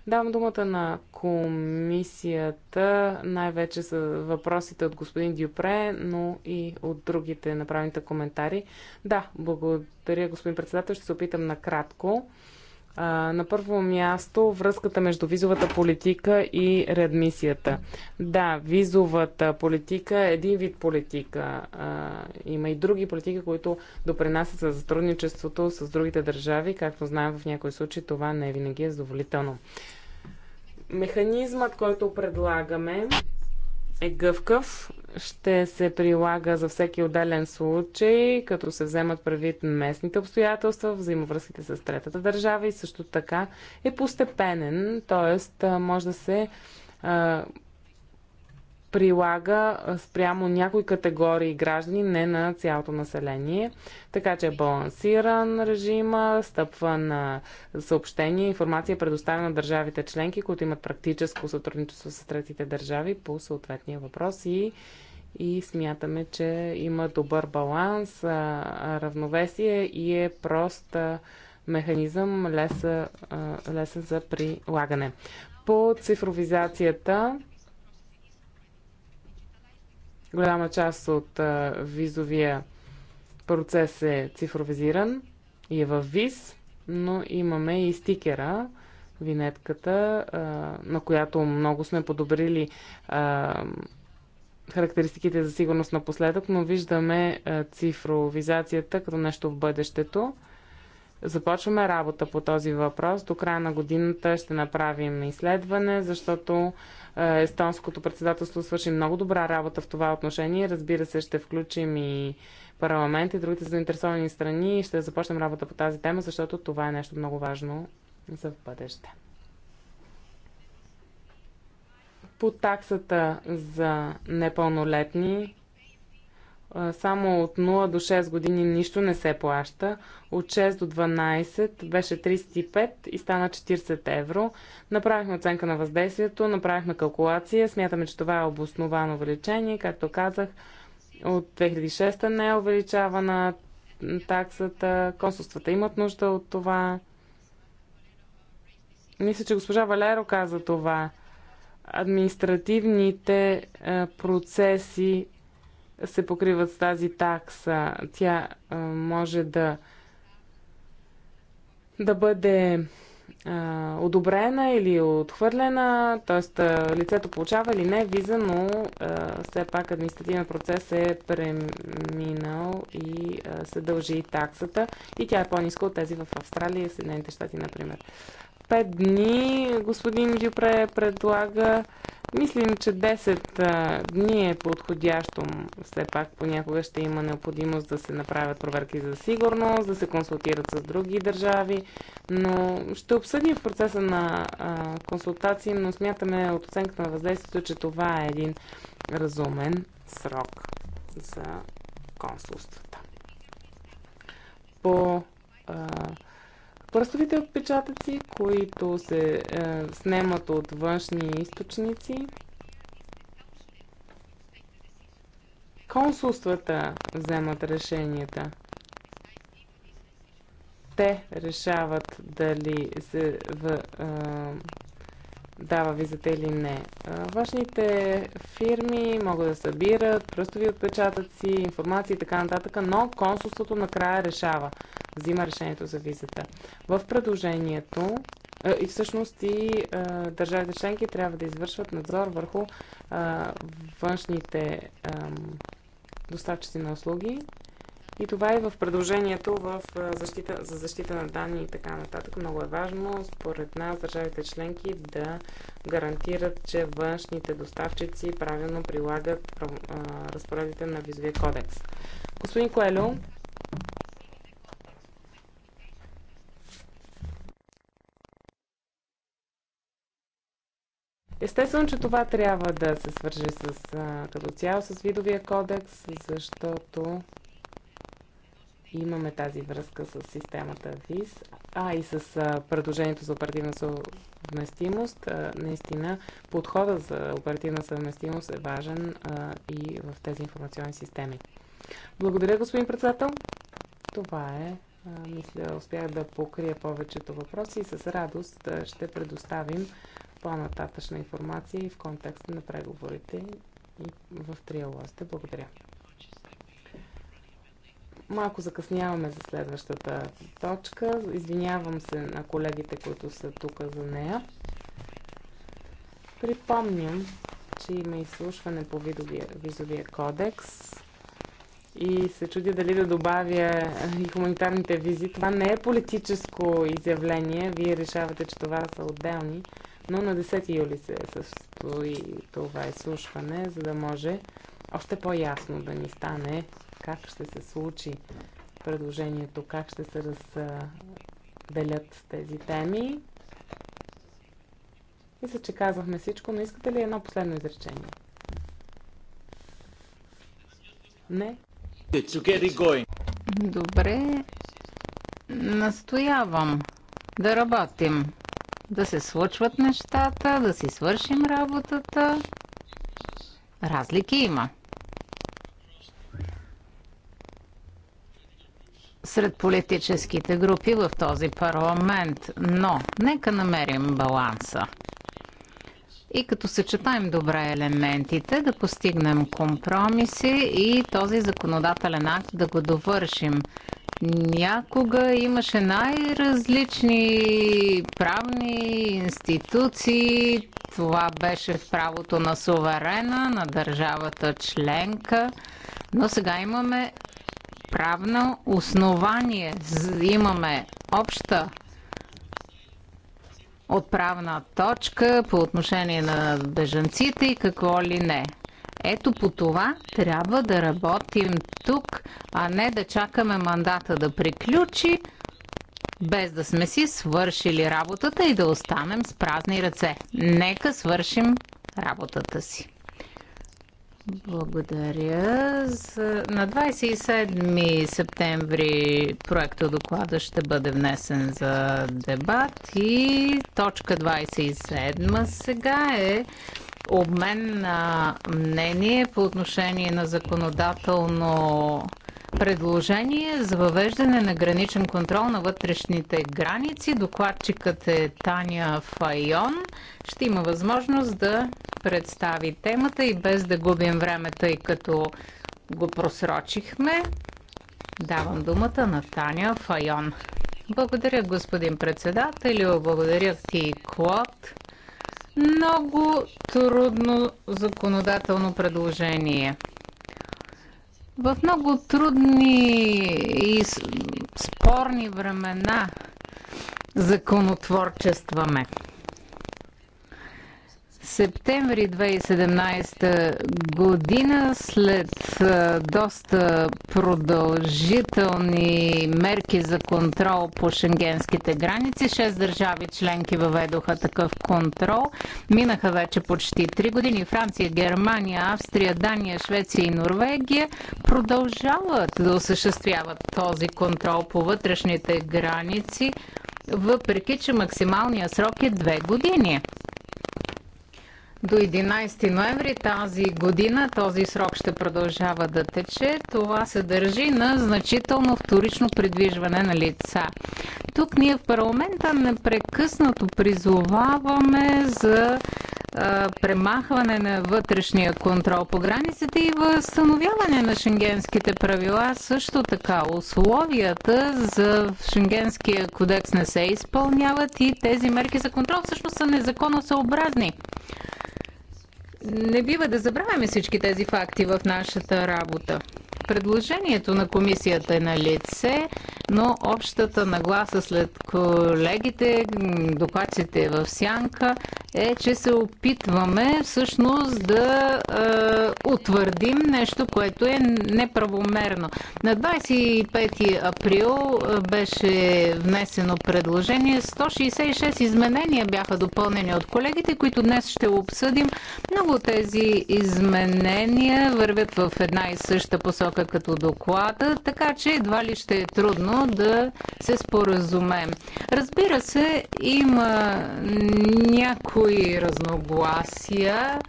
Давам думата на комисията, най-вече с въпросите от господин Дюпре, но и от другите направените коментари. Да, благодаря, господин председател. Ще се опитам накратко на първо място връзката между визовата политика и редмисията. Да, визовата политика е един вид политика. има и други политики, които допринасят за затрудничеството с другите държави. Както знаем, в някои случаи това не е винаги е задоволително. Механизмът, който предлагаме, е гъвкав, ще се прилага за всеки отделен случай, като се вземат предвид местните обстоятелства, взаимовръзките с третата държава и също така е постепенен, т.е. може да се а, прилага спрямо някои категории граждани, не на цялото население. Така че е балансиран режима, стъпва на съобщение, информация предоставена на държавите членки, които имат практическо сътрудничество с третите държави по съответния въпрос и и смятаме, че има добър баланс, равновесие и е прост механизъм, лесен за прилагане. По цифровизацията Голяма част от а, визовия процес е цифровизиран и е в виз, но имаме и стикера, винетката, а, на която много сме подобрили а, характеристиките за сигурност напоследък, но виждаме цифровизацията като нещо в бъдещето. Започваме работа по този въпрос. До края на годината ще направим изследване, защото е, естонското председателство свърши много добра работа в това отношение. Разбира се, ще включим и парламент и другите заинтересовани страни и ще започнем работа по тази тема, защото това е нещо много важно за в бъдеще. По таксата за непълнолетни само от 0 до 6 години нищо не се плаща. От 6 до 12 беше 35 и стана 40 евро. Направихме оценка на въздействието, направихме калкулация. Смятаме, че това е обосновано увеличение. Както казах, от 2006 не е увеличавана таксата. Консулствата имат нужда от това. Мисля, че госпожа Валеро каза това административните процеси се покриват с тази такса. Тя а, може да, да бъде а, одобрена или отхвърлена, т.е. лицето получава или не виза, но а, все пак административен процес е преминал и а, се дължи и таксата и тя е по-ниска от тези в Австралия и Съединените щати, например. 5 дни господин Дюпре предлага. Мислим, че 10 дни е подходящо. Все пак понякога ще има необходимост да се направят проверки за сигурност, да се консултират с други държави, но ще обсъдим в процеса на консултации, но смятаме от оценката на въздействието, че това е един разумен срок за консулствата. По а, пръстовите отпечатъци, които се е, снемат от външни източници, консулствата вземат решенията. Те решават дали се в, е, дава визата или не. Външните фирми могат да събират пръстови отпечатъци, информация и така нататък, но консулството накрая решава, взима решението за визата. В предложението и всъщност и държавите членки трябва да извършват надзор върху външните доставчици на услуги и това е в предложението в защита, за защита на данни и така нататък. Много е важно, според нас, държавите членки да гарантират, че външните доставчици правилно прилагат разпоредите на визовия кодекс. Господин Коелю, Естествено, че това трябва да се свържи с, като цяло с видовия кодекс, защото имаме тази връзка с системата ВИС, а и с предложението за оперативна съвместимост. Наистина, подхода за оперативна съвместимост е важен и в тези информационни системи. Благодаря, господин председател. Това е. Мисля, успях да покрия повечето въпроси и с радост ще предоставим по-нататъчна информация и в контекста на преговорите и в триалозите. Благодаря. Малко закъсняваме за следващата точка. Извинявам се на колегите, които са тук за нея. Припомням, че има изслушване по видовия, визовия кодекс и се чудя дали да добавя и хуманитарните визи. Това не е политическо изявление. Вие решавате, че това са отделни. Но на 10 юли се състои това изслушване, за да може още по-ясно да ни стане как ще се случи предложението, как ще се разделят тези теми. Мисля, че казахме всичко, но искате ли едно последно изречение? Не? Добре. Настоявам да работим. Да се случват нещата, да си свършим работата. Разлики има. сред политическите групи в този парламент, но нека намерим баланса. И като съчетаем добре елементите, да постигнем компромиси и този законодателен акт да го довършим. Някога имаше най-различни правни институции. Това беше в правото на суверена, на държавата членка. Но сега имаме правно основание имаме обща отправна точка по отношение на бежанците и какво ли не. Ето по това трябва да работим тук, а не да чакаме мандата да приключи, без да сме си свършили работата и да останем с празни ръце. Нека свършим работата си. Благодаря. На 27 септември проекта доклада ще бъде внесен за дебат и точка 27 сега е обмен на мнение по отношение на законодателно Предложение за въвеждане на граничен контрол на вътрешните граници. Докладчикът е Таня Файон. Ще има възможност да представи темата и без да губим време, тъй като го просрочихме. Давам думата на Таня Файон. Благодаря, господин председател, Благодаря ти, Клод. Много трудно законодателно предложение. В много трудни и спорни времена законотворчестваме септември 2017 година, след доста продължителни мерки за контрол по шенгенските граници, шест държави членки въведоха такъв контрол. Минаха вече почти три години. Франция, Германия, Австрия, Дания, Швеция и Норвегия продължават да осъществяват този контрол по вътрешните граници, въпреки че максималният срок е две години до 11 ноември тази година този срок ще продължава да тече. Това се държи на значително вторично придвижване на лица. Тук ние в парламента непрекъснато призоваваме за премахване на вътрешния контрол по границите и възстановяване на шенгенските правила също така. Условията за шенгенския кодекс не се изпълняват и тези мерки за контрол всъщност са незаконосъобразни. Не бива да забравяме всички тези факти в нашата работа. Предложението на комисията е на лице, но общата нагласа след колегите, докладците е в сянка, е, че се опитваме всъщност да е, утвърдим нещо, което е неправомерно. На 25 април е, беше внесено предложение. 166 изменения бяха допълнени от колегите, които днес ще обсъдим. Много тези изменения вървят в една и съща посока посока като доклада, така че едва ли ще е трудно да се споразумеем. Разбира се, има някои разногласия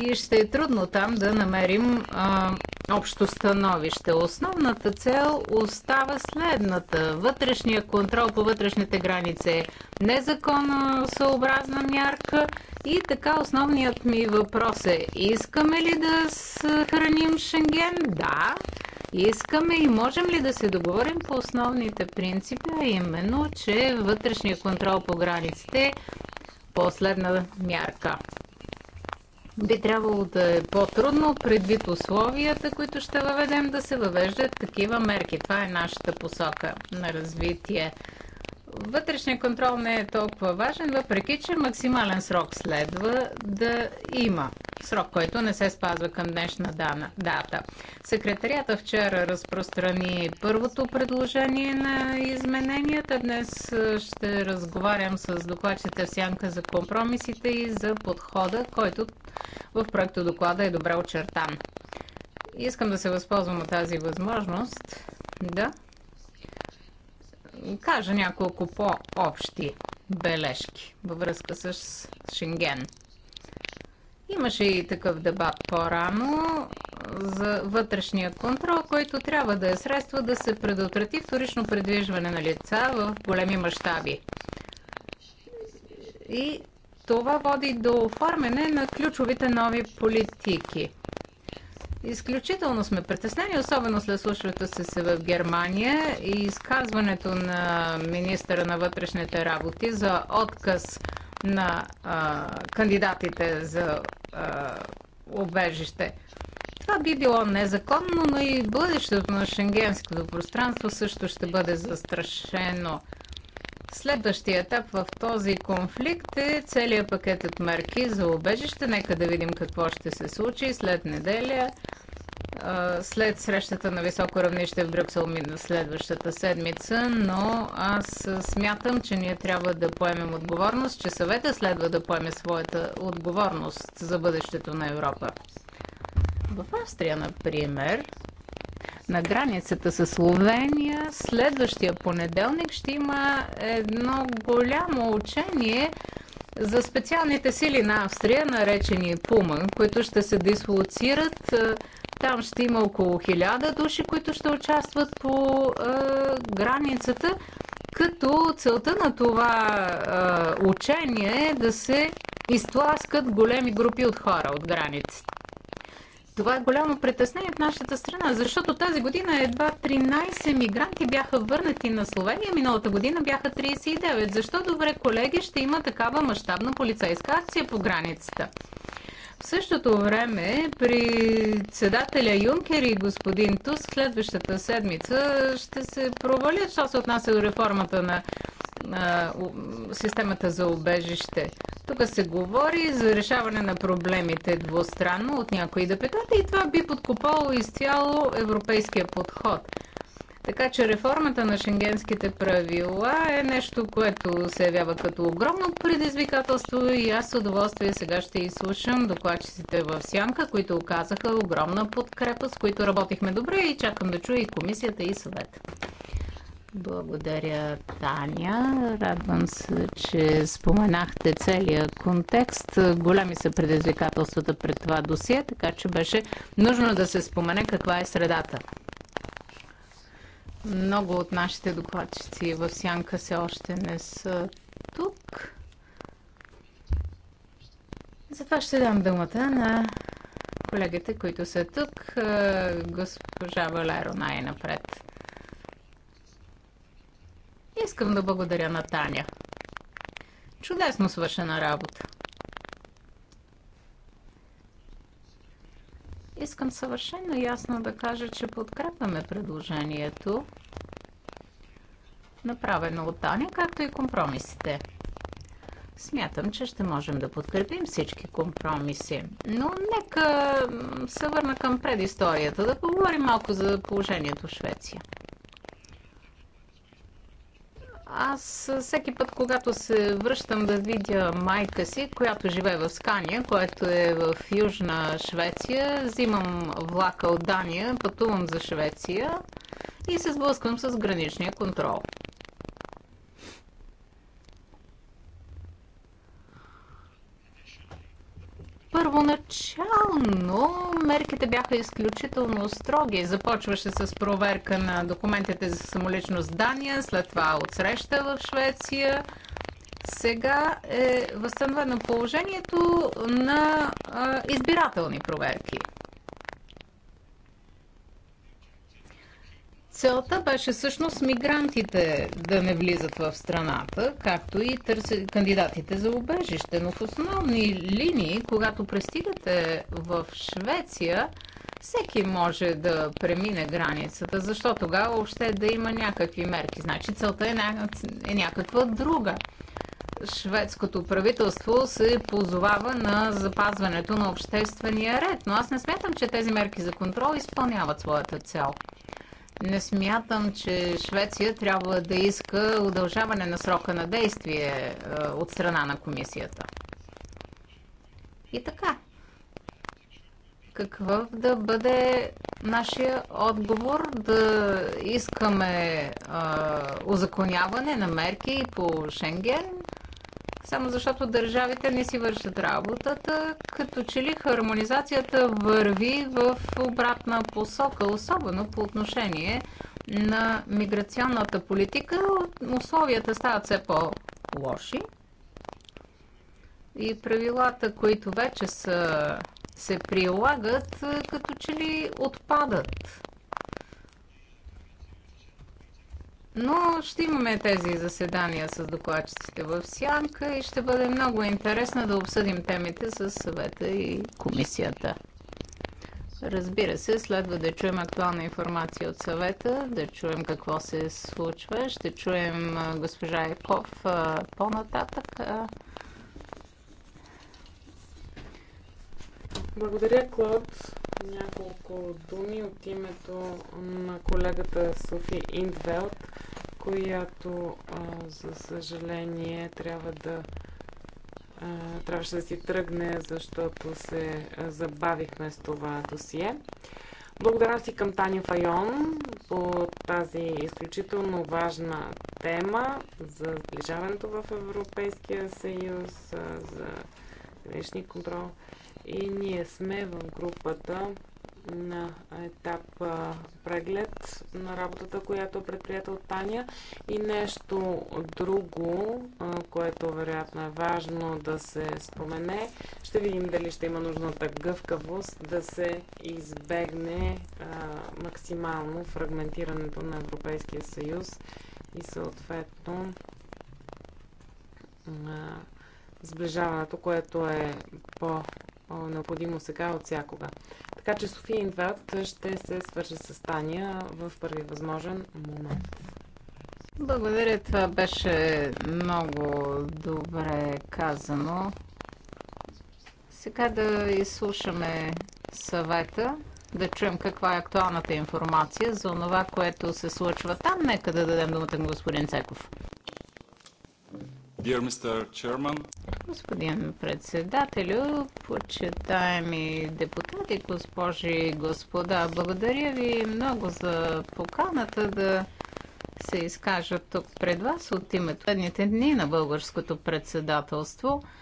и ще е трудно там да намерим а, общо становище. Основната цел остава следната. Вътрешния контрол по вътрешните граници е незаконосъобразна мярка и така основният ми въпрос е, искаме ли да съхраним Шенген? Да. Искаме и можем ли да се договорим по основните принципи, а именно, че вътрешния контрол по границите е последна мярка. Би трябвало да е по-трудно предвид условията, които ще въведем, да се въвеждат такива мерки. Това е нашата посока на развитие. Вътрешният контрол не е толкова важен, въпреки че максимален срок следва да има. Срок, който не се спазва към днешна дана, дата. Секретарията вчера разпространи първото предложение на измененията. Днес ще разговарям с докладчите в сянка за компромисите и за подхода, който в проекта доклада е добре очертан. Искам да се възползвам от тази възможност да кажа няколко по-общи бележки във връзка с Шенген. Имаше и такъв дебат по-рано за вътрешния контрол, който трябва да е средство да се предотврати вторично предвижване на лица в големи мащаби. И това води до оформяне на ключовите нови политики. Изключително сме притеснени, особено след си се в Германия и изказването на министъра на вътрешните работи за отказ на а, кандидатите за а, убежище. Това би било незаконно, но и бъдещето на шенгенското пространство също ще бъде застрашено. Следващия етап в този конфликт е целият пакет от мерки за обежище. Нека да видим какво ще се случи след неделя, след срещата на високо равнище в Брюксел мина следващата седмица, но аз смятам, че ние трябва да поемем отговорност, че съвета следва да поеме своята отговорност за бъдещето на Европа. В Австрия, например, на границата с Словения. Следващия понеделник ще има едно голямо учение за специалните сили на Австрия, наречени Пума, които ще се дислоцират. Е, там ще има около хиляда души, които ще участват по е, границата, като целта на това е, учение е да се изтласкат големи групи от хора от границата. Това е голямо притеснение в нашата страна, защото тази година едва 13 мигранти бяха върнати на Словения, миналата година бяха 39. Защо добре, колеги, ще има такава мащабна полицейска акция по границата? В същото време председателя Юнкер и господин Туск следващата седмица ще се провалят, що се отнася до реформата на а, системата за обежище. Тук се говори за решаване на проблемите двустранно от някои депутати и това би подкопало изцяло европейския подход. Така че реформата на шенгенските правила е нещо, което се явява като огромно предизвикателство и аз с удоволствие сега ще изслушам докладчиците в Сянка, които оказаха огромна подкрепа, с които работихме добре и чакам да чуя и комисията и съвет. Благодаря, Таня. Радвам се, че споменахте целия контекст. Големи са предизвикателствата пред това досие, така че беше нужно да се спомене каква е средата. Много от нашите докладчици в Сянка все още не са тук. Затова ще дам думата на колегите, които са тук. Госпожа Валеро най-напред. Искам да благодаря на Таня. Чудесно свършена работа. Искам съвършено ясно да кажа, че подкрепяме предложението, направено от Таня, както и компромисите. Смятам, че ще можем да подкрепим всички компромиси. Но нека се върна към предисторията, да поговорим малко за положението в Швеция. Аз всеки път, когато се връщам да видя майка си, която живее в Скания, което е в Южна Швеция, взимам влака от Дания, пътувам за Швеция и се сблъсквам с граничния контрол. Първоначално мерките бяха изключително строги. Започваше с проверка на документите за самоличност Дания, след това отсреща в Швеция. Сега е възстановено положението на а, избирателни проверки. Целта беше всъщност мигрантите да не влизат в страната, както и търси, кандидатите за убежище. Но в основни линии, когато пристигате в Швеция, всеки може да премине границата. Защо тогава още да има някакви мерки? Значи целта е, ня... е някаква друга. Шведското правителство се позовава на запазването на обществения ред, но аз не смятам, че тези мерки за контрол изпълняват своята цел. Не смятам, че Швеция трябва да иска удължаване на срока на действие е, от страна на комисията. И така, какъв да бъде нашия отговор? Да искаме а, узаконяване на мерки по Шенген само защото държавите не си вършат работата, като че ли хармонизацията върви в обратна посока, особено по отношение на миграционната политика. Условията стават все по-лоши и правилата, които вече са, се прилагат, като че ли отпадат. Но ще имаме тези заседания с докладчиците в Сянка и ще бъде много интересно да обсъдим темите с съвета и комисията. Разбира се, следва да чуем актуална информация от съвета, да чуем какво се случва. Ще чуем госпожа Еков по-нататък. Благодаря, Клод. Няколко думи от името на колегата Софи Индвелт която за съжаление трябва да трябваше да си тръгне, защото се забавихме с това досие. Благодаря си към Таня Файон по тази изключително важна тема за сближаването в Европейския съюз, за гранични контрол. И ние сме в групата на етап а, преглед на работата, която е предприятел от Таня. И нещо друго, а, което вероятно е важно да се спомене, ще видим дали ще има нужната гъвкавост да се избегне а, максимално фрагментирането на Европейския съюз и съответно сближаването, което е по необходимо сега от всякога. Така че София Инват ще се свърже с Таня в първи възможен момент. Благодаря, това беше много добре казано. Сега да изслушаме съвета, да чуем каква е актуалната информация за това, което се случва там. Нека да дадем думата на господин Цеков. Господин председателю, почитаеми депутати, госпожи и господа, благодаря ви много за поканата да се изкажа тук пред вас от името дни на българското председателство –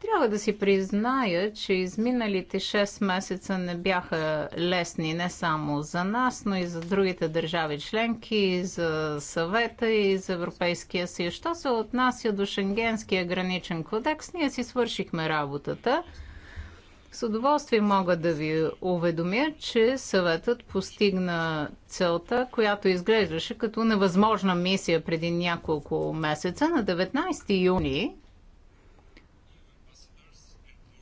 трябва да си призная, че изминалите 6 месеца не бяха лесни не само за нас, но и за другите държави членки, и за съвета, и за Европейския съюз. Що се отнася до Шенгенския граничен кодекс, ние си свършихме работата. С удоволствие мога да ви уведомя, че съветът постигна целта, която изглеждаше като невъзможна мисия преди няколко месеца. На 19 юни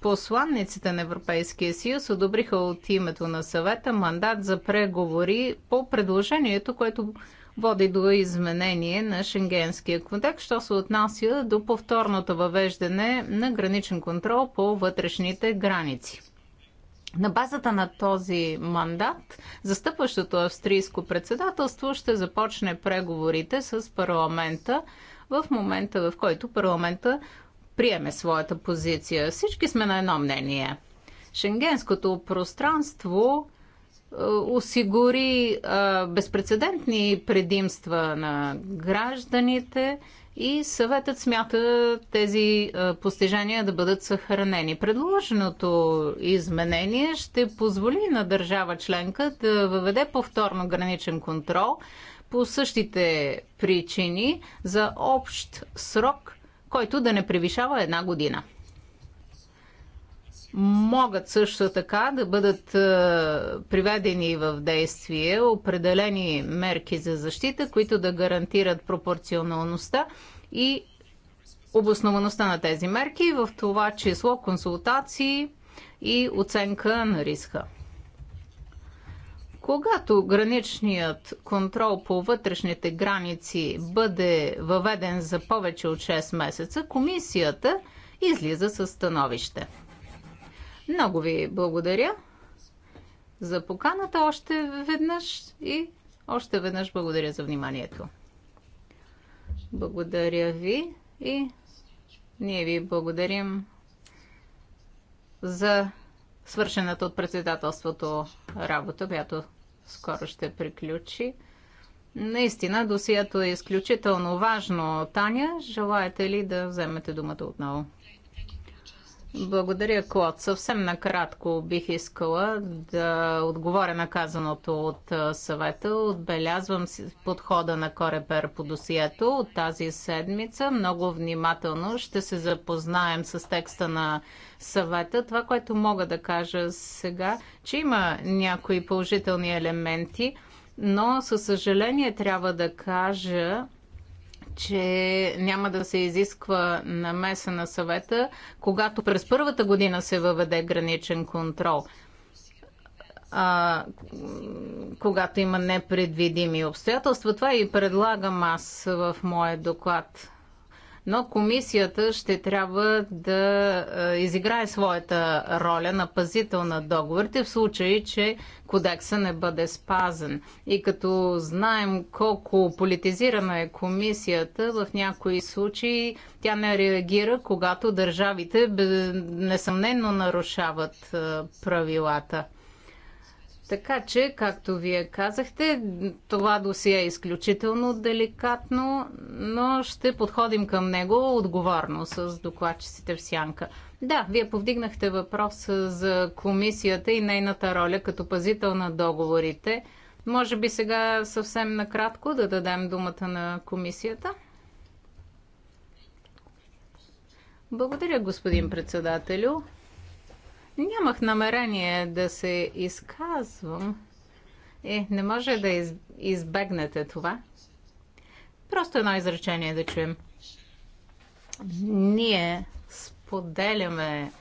Посланниците на Европейския съюз одобриха от името на съвета мандат за преговори по предложението, което води до изменение на Шенгенския контекст, що се отнася до повторното въвеждане на граничен контрол по вътрешните граници. На базата на този мандат, застъпващото австрийско председателство ще започне преговорите с парламента в момента, в който парламента приеме своята позиция. Всички сме на едно мнение. Шенгенското пространство е, осигури е, безпредседентни предимства на гражданите и съветът смята тези е, постижения да бъдат съхранени. Предложеното изменение ще позволи на държава членка да въведе повторно граничен контрол по същите причини за общ срок който да не превишава една година. Могат също така да бъдат е, приведени в действие определени мерки за защита, които да гарантират пропорционалността и обосноваността на тези мерки, в това число консултации и оценка на риска. Когато граничният контрол по вътрешните граници бъде въведен за повече от 6 месеца, комисията излиза със становище. Много ви благодаря за поканата още веднъж и още веднъж благодаря за вниманието. Благодаря ви и ние ви благодарим за свършената от председателството работа, която скоро ще приключи. Наистина, досието е изключително важно. Таня, желаете ли да вземете думата отново? Благодаря, Клод. Съвсем накратко бих искала да отговоря на казаното от съвета. Отбелязвам подхода на Корепер по досието от тази седмица. Много внимателно ще се запознаем с текста на съвета. Това, което мога да кажа сега, че има някои положителни елементи, но със съжаление трябва да кажа, че няма да се изисква намеса на съвета, когато през първата година се въведе граничен контрол а, когато има непредвидими обстоятелства. Това и предлагам аз в моя доклад но комисията ще трябва да е, изиграе своята роля на пазител на договорите в случай, че кодекса не бъде спазен. И като знаем колко политизирана е комисията, в някои случаи тя не реагира, когато държавите несъмнено нарушават е, правилата. Така че, както вие казахте, това досие е изключително деликатно, но ще подходим към него отговорно с докладчиците в сянка. Да, вие повдигнахте въпрос за комисията и нейната роля като пазител на договорите. Може би сега съвсем накратко да дадем думата на комисията. Благодаря, господин председателю. Нямах намерение да се изказвам. Е, не може да избегнете това. Просто едно изречение да чуем. Ние споделяме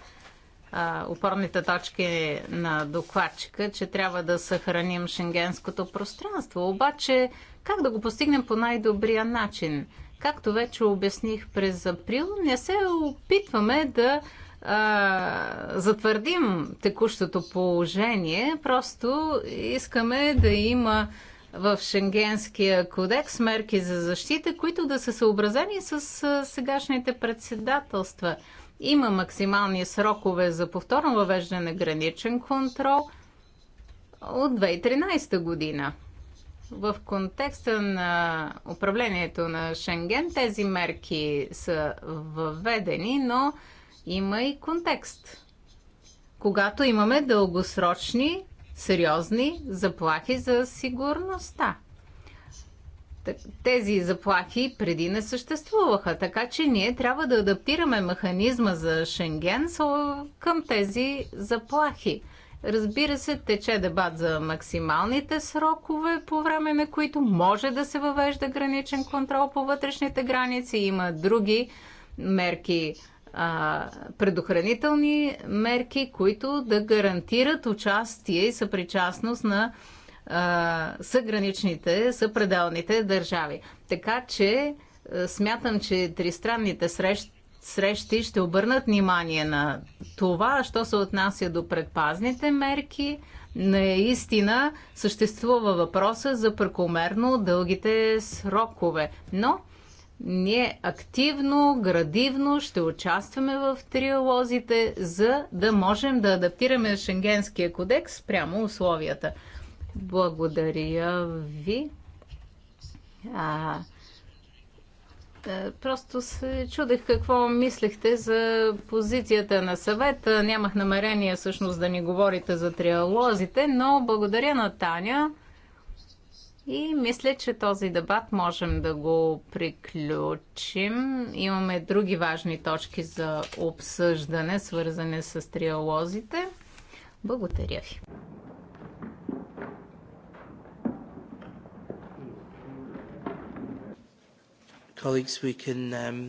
а, упорните точки на докладчика, че трябва да съхраним шенгенското пространство. Обаче, как да го постигнем по най-добрия начин? Както вече обясних през април, не се опитваме да а, затвърдим текущото положение, просто искаме да има в Шенгенския кодекс мерки за защита, които да са съобразени с сегашните председателства. Има максимални срокове за повторно въвеждане на граничен контрол от 2013 година. В контекста на управлението на Шенген тези мерки са въведени, но има и контекст. Когато имаме дългосрочни, сериозни заплахи за сигурността. Тези заплахи преди не съществуваха, така че ние трябва да адаптираме механизма за Шенген към тези заплахи. Разбира се, тече дебат за максималните срокове, по време на които може да се въвежда граничен контрол по вътрешните граници. Има други мерки а, предохранителни мерки, които да гарантират участие и съпричастност на а, съграничните, съпределните държави. Така че а, смятам, че тристранните срещи срещи ще обърнат внимание на това, що се отнася до предпазните мерки. Наистина съществува въпроса за прекомерно дългите срокове. Но ние активно, градивно ще участваме в триалозите, за да можем да адаптираме Шенгенския кодекс прямо условията. Благодаря ви. А, е, Просто се чудех какво мислехте за позицията на съвета. Нямах намерение всъщност да ни говорите за триалозите, но благодаря на Таня и мисля, че този дебат можем да го приключим. Имаме други важни точки за обсъждане, свързане с триалозите. Благодаря ви. Colleagues, we can. Um,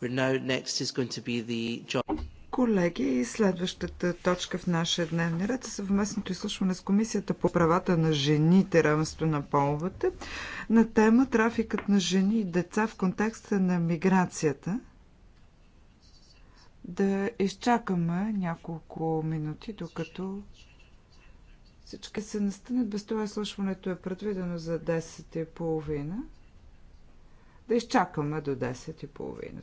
we're now next is going to be the job. Колеги, следващата точка в нашия дневен ред е съвместното изслушване с Комисията по правата на жените, равенство на половата, на тема трафикът на жени и деца в контекста на миграцията. Да изчакаме няколко минути, докато всички се настанат. Без това изслушването е предвидено за 10.30. Да изчакаме до 10.30.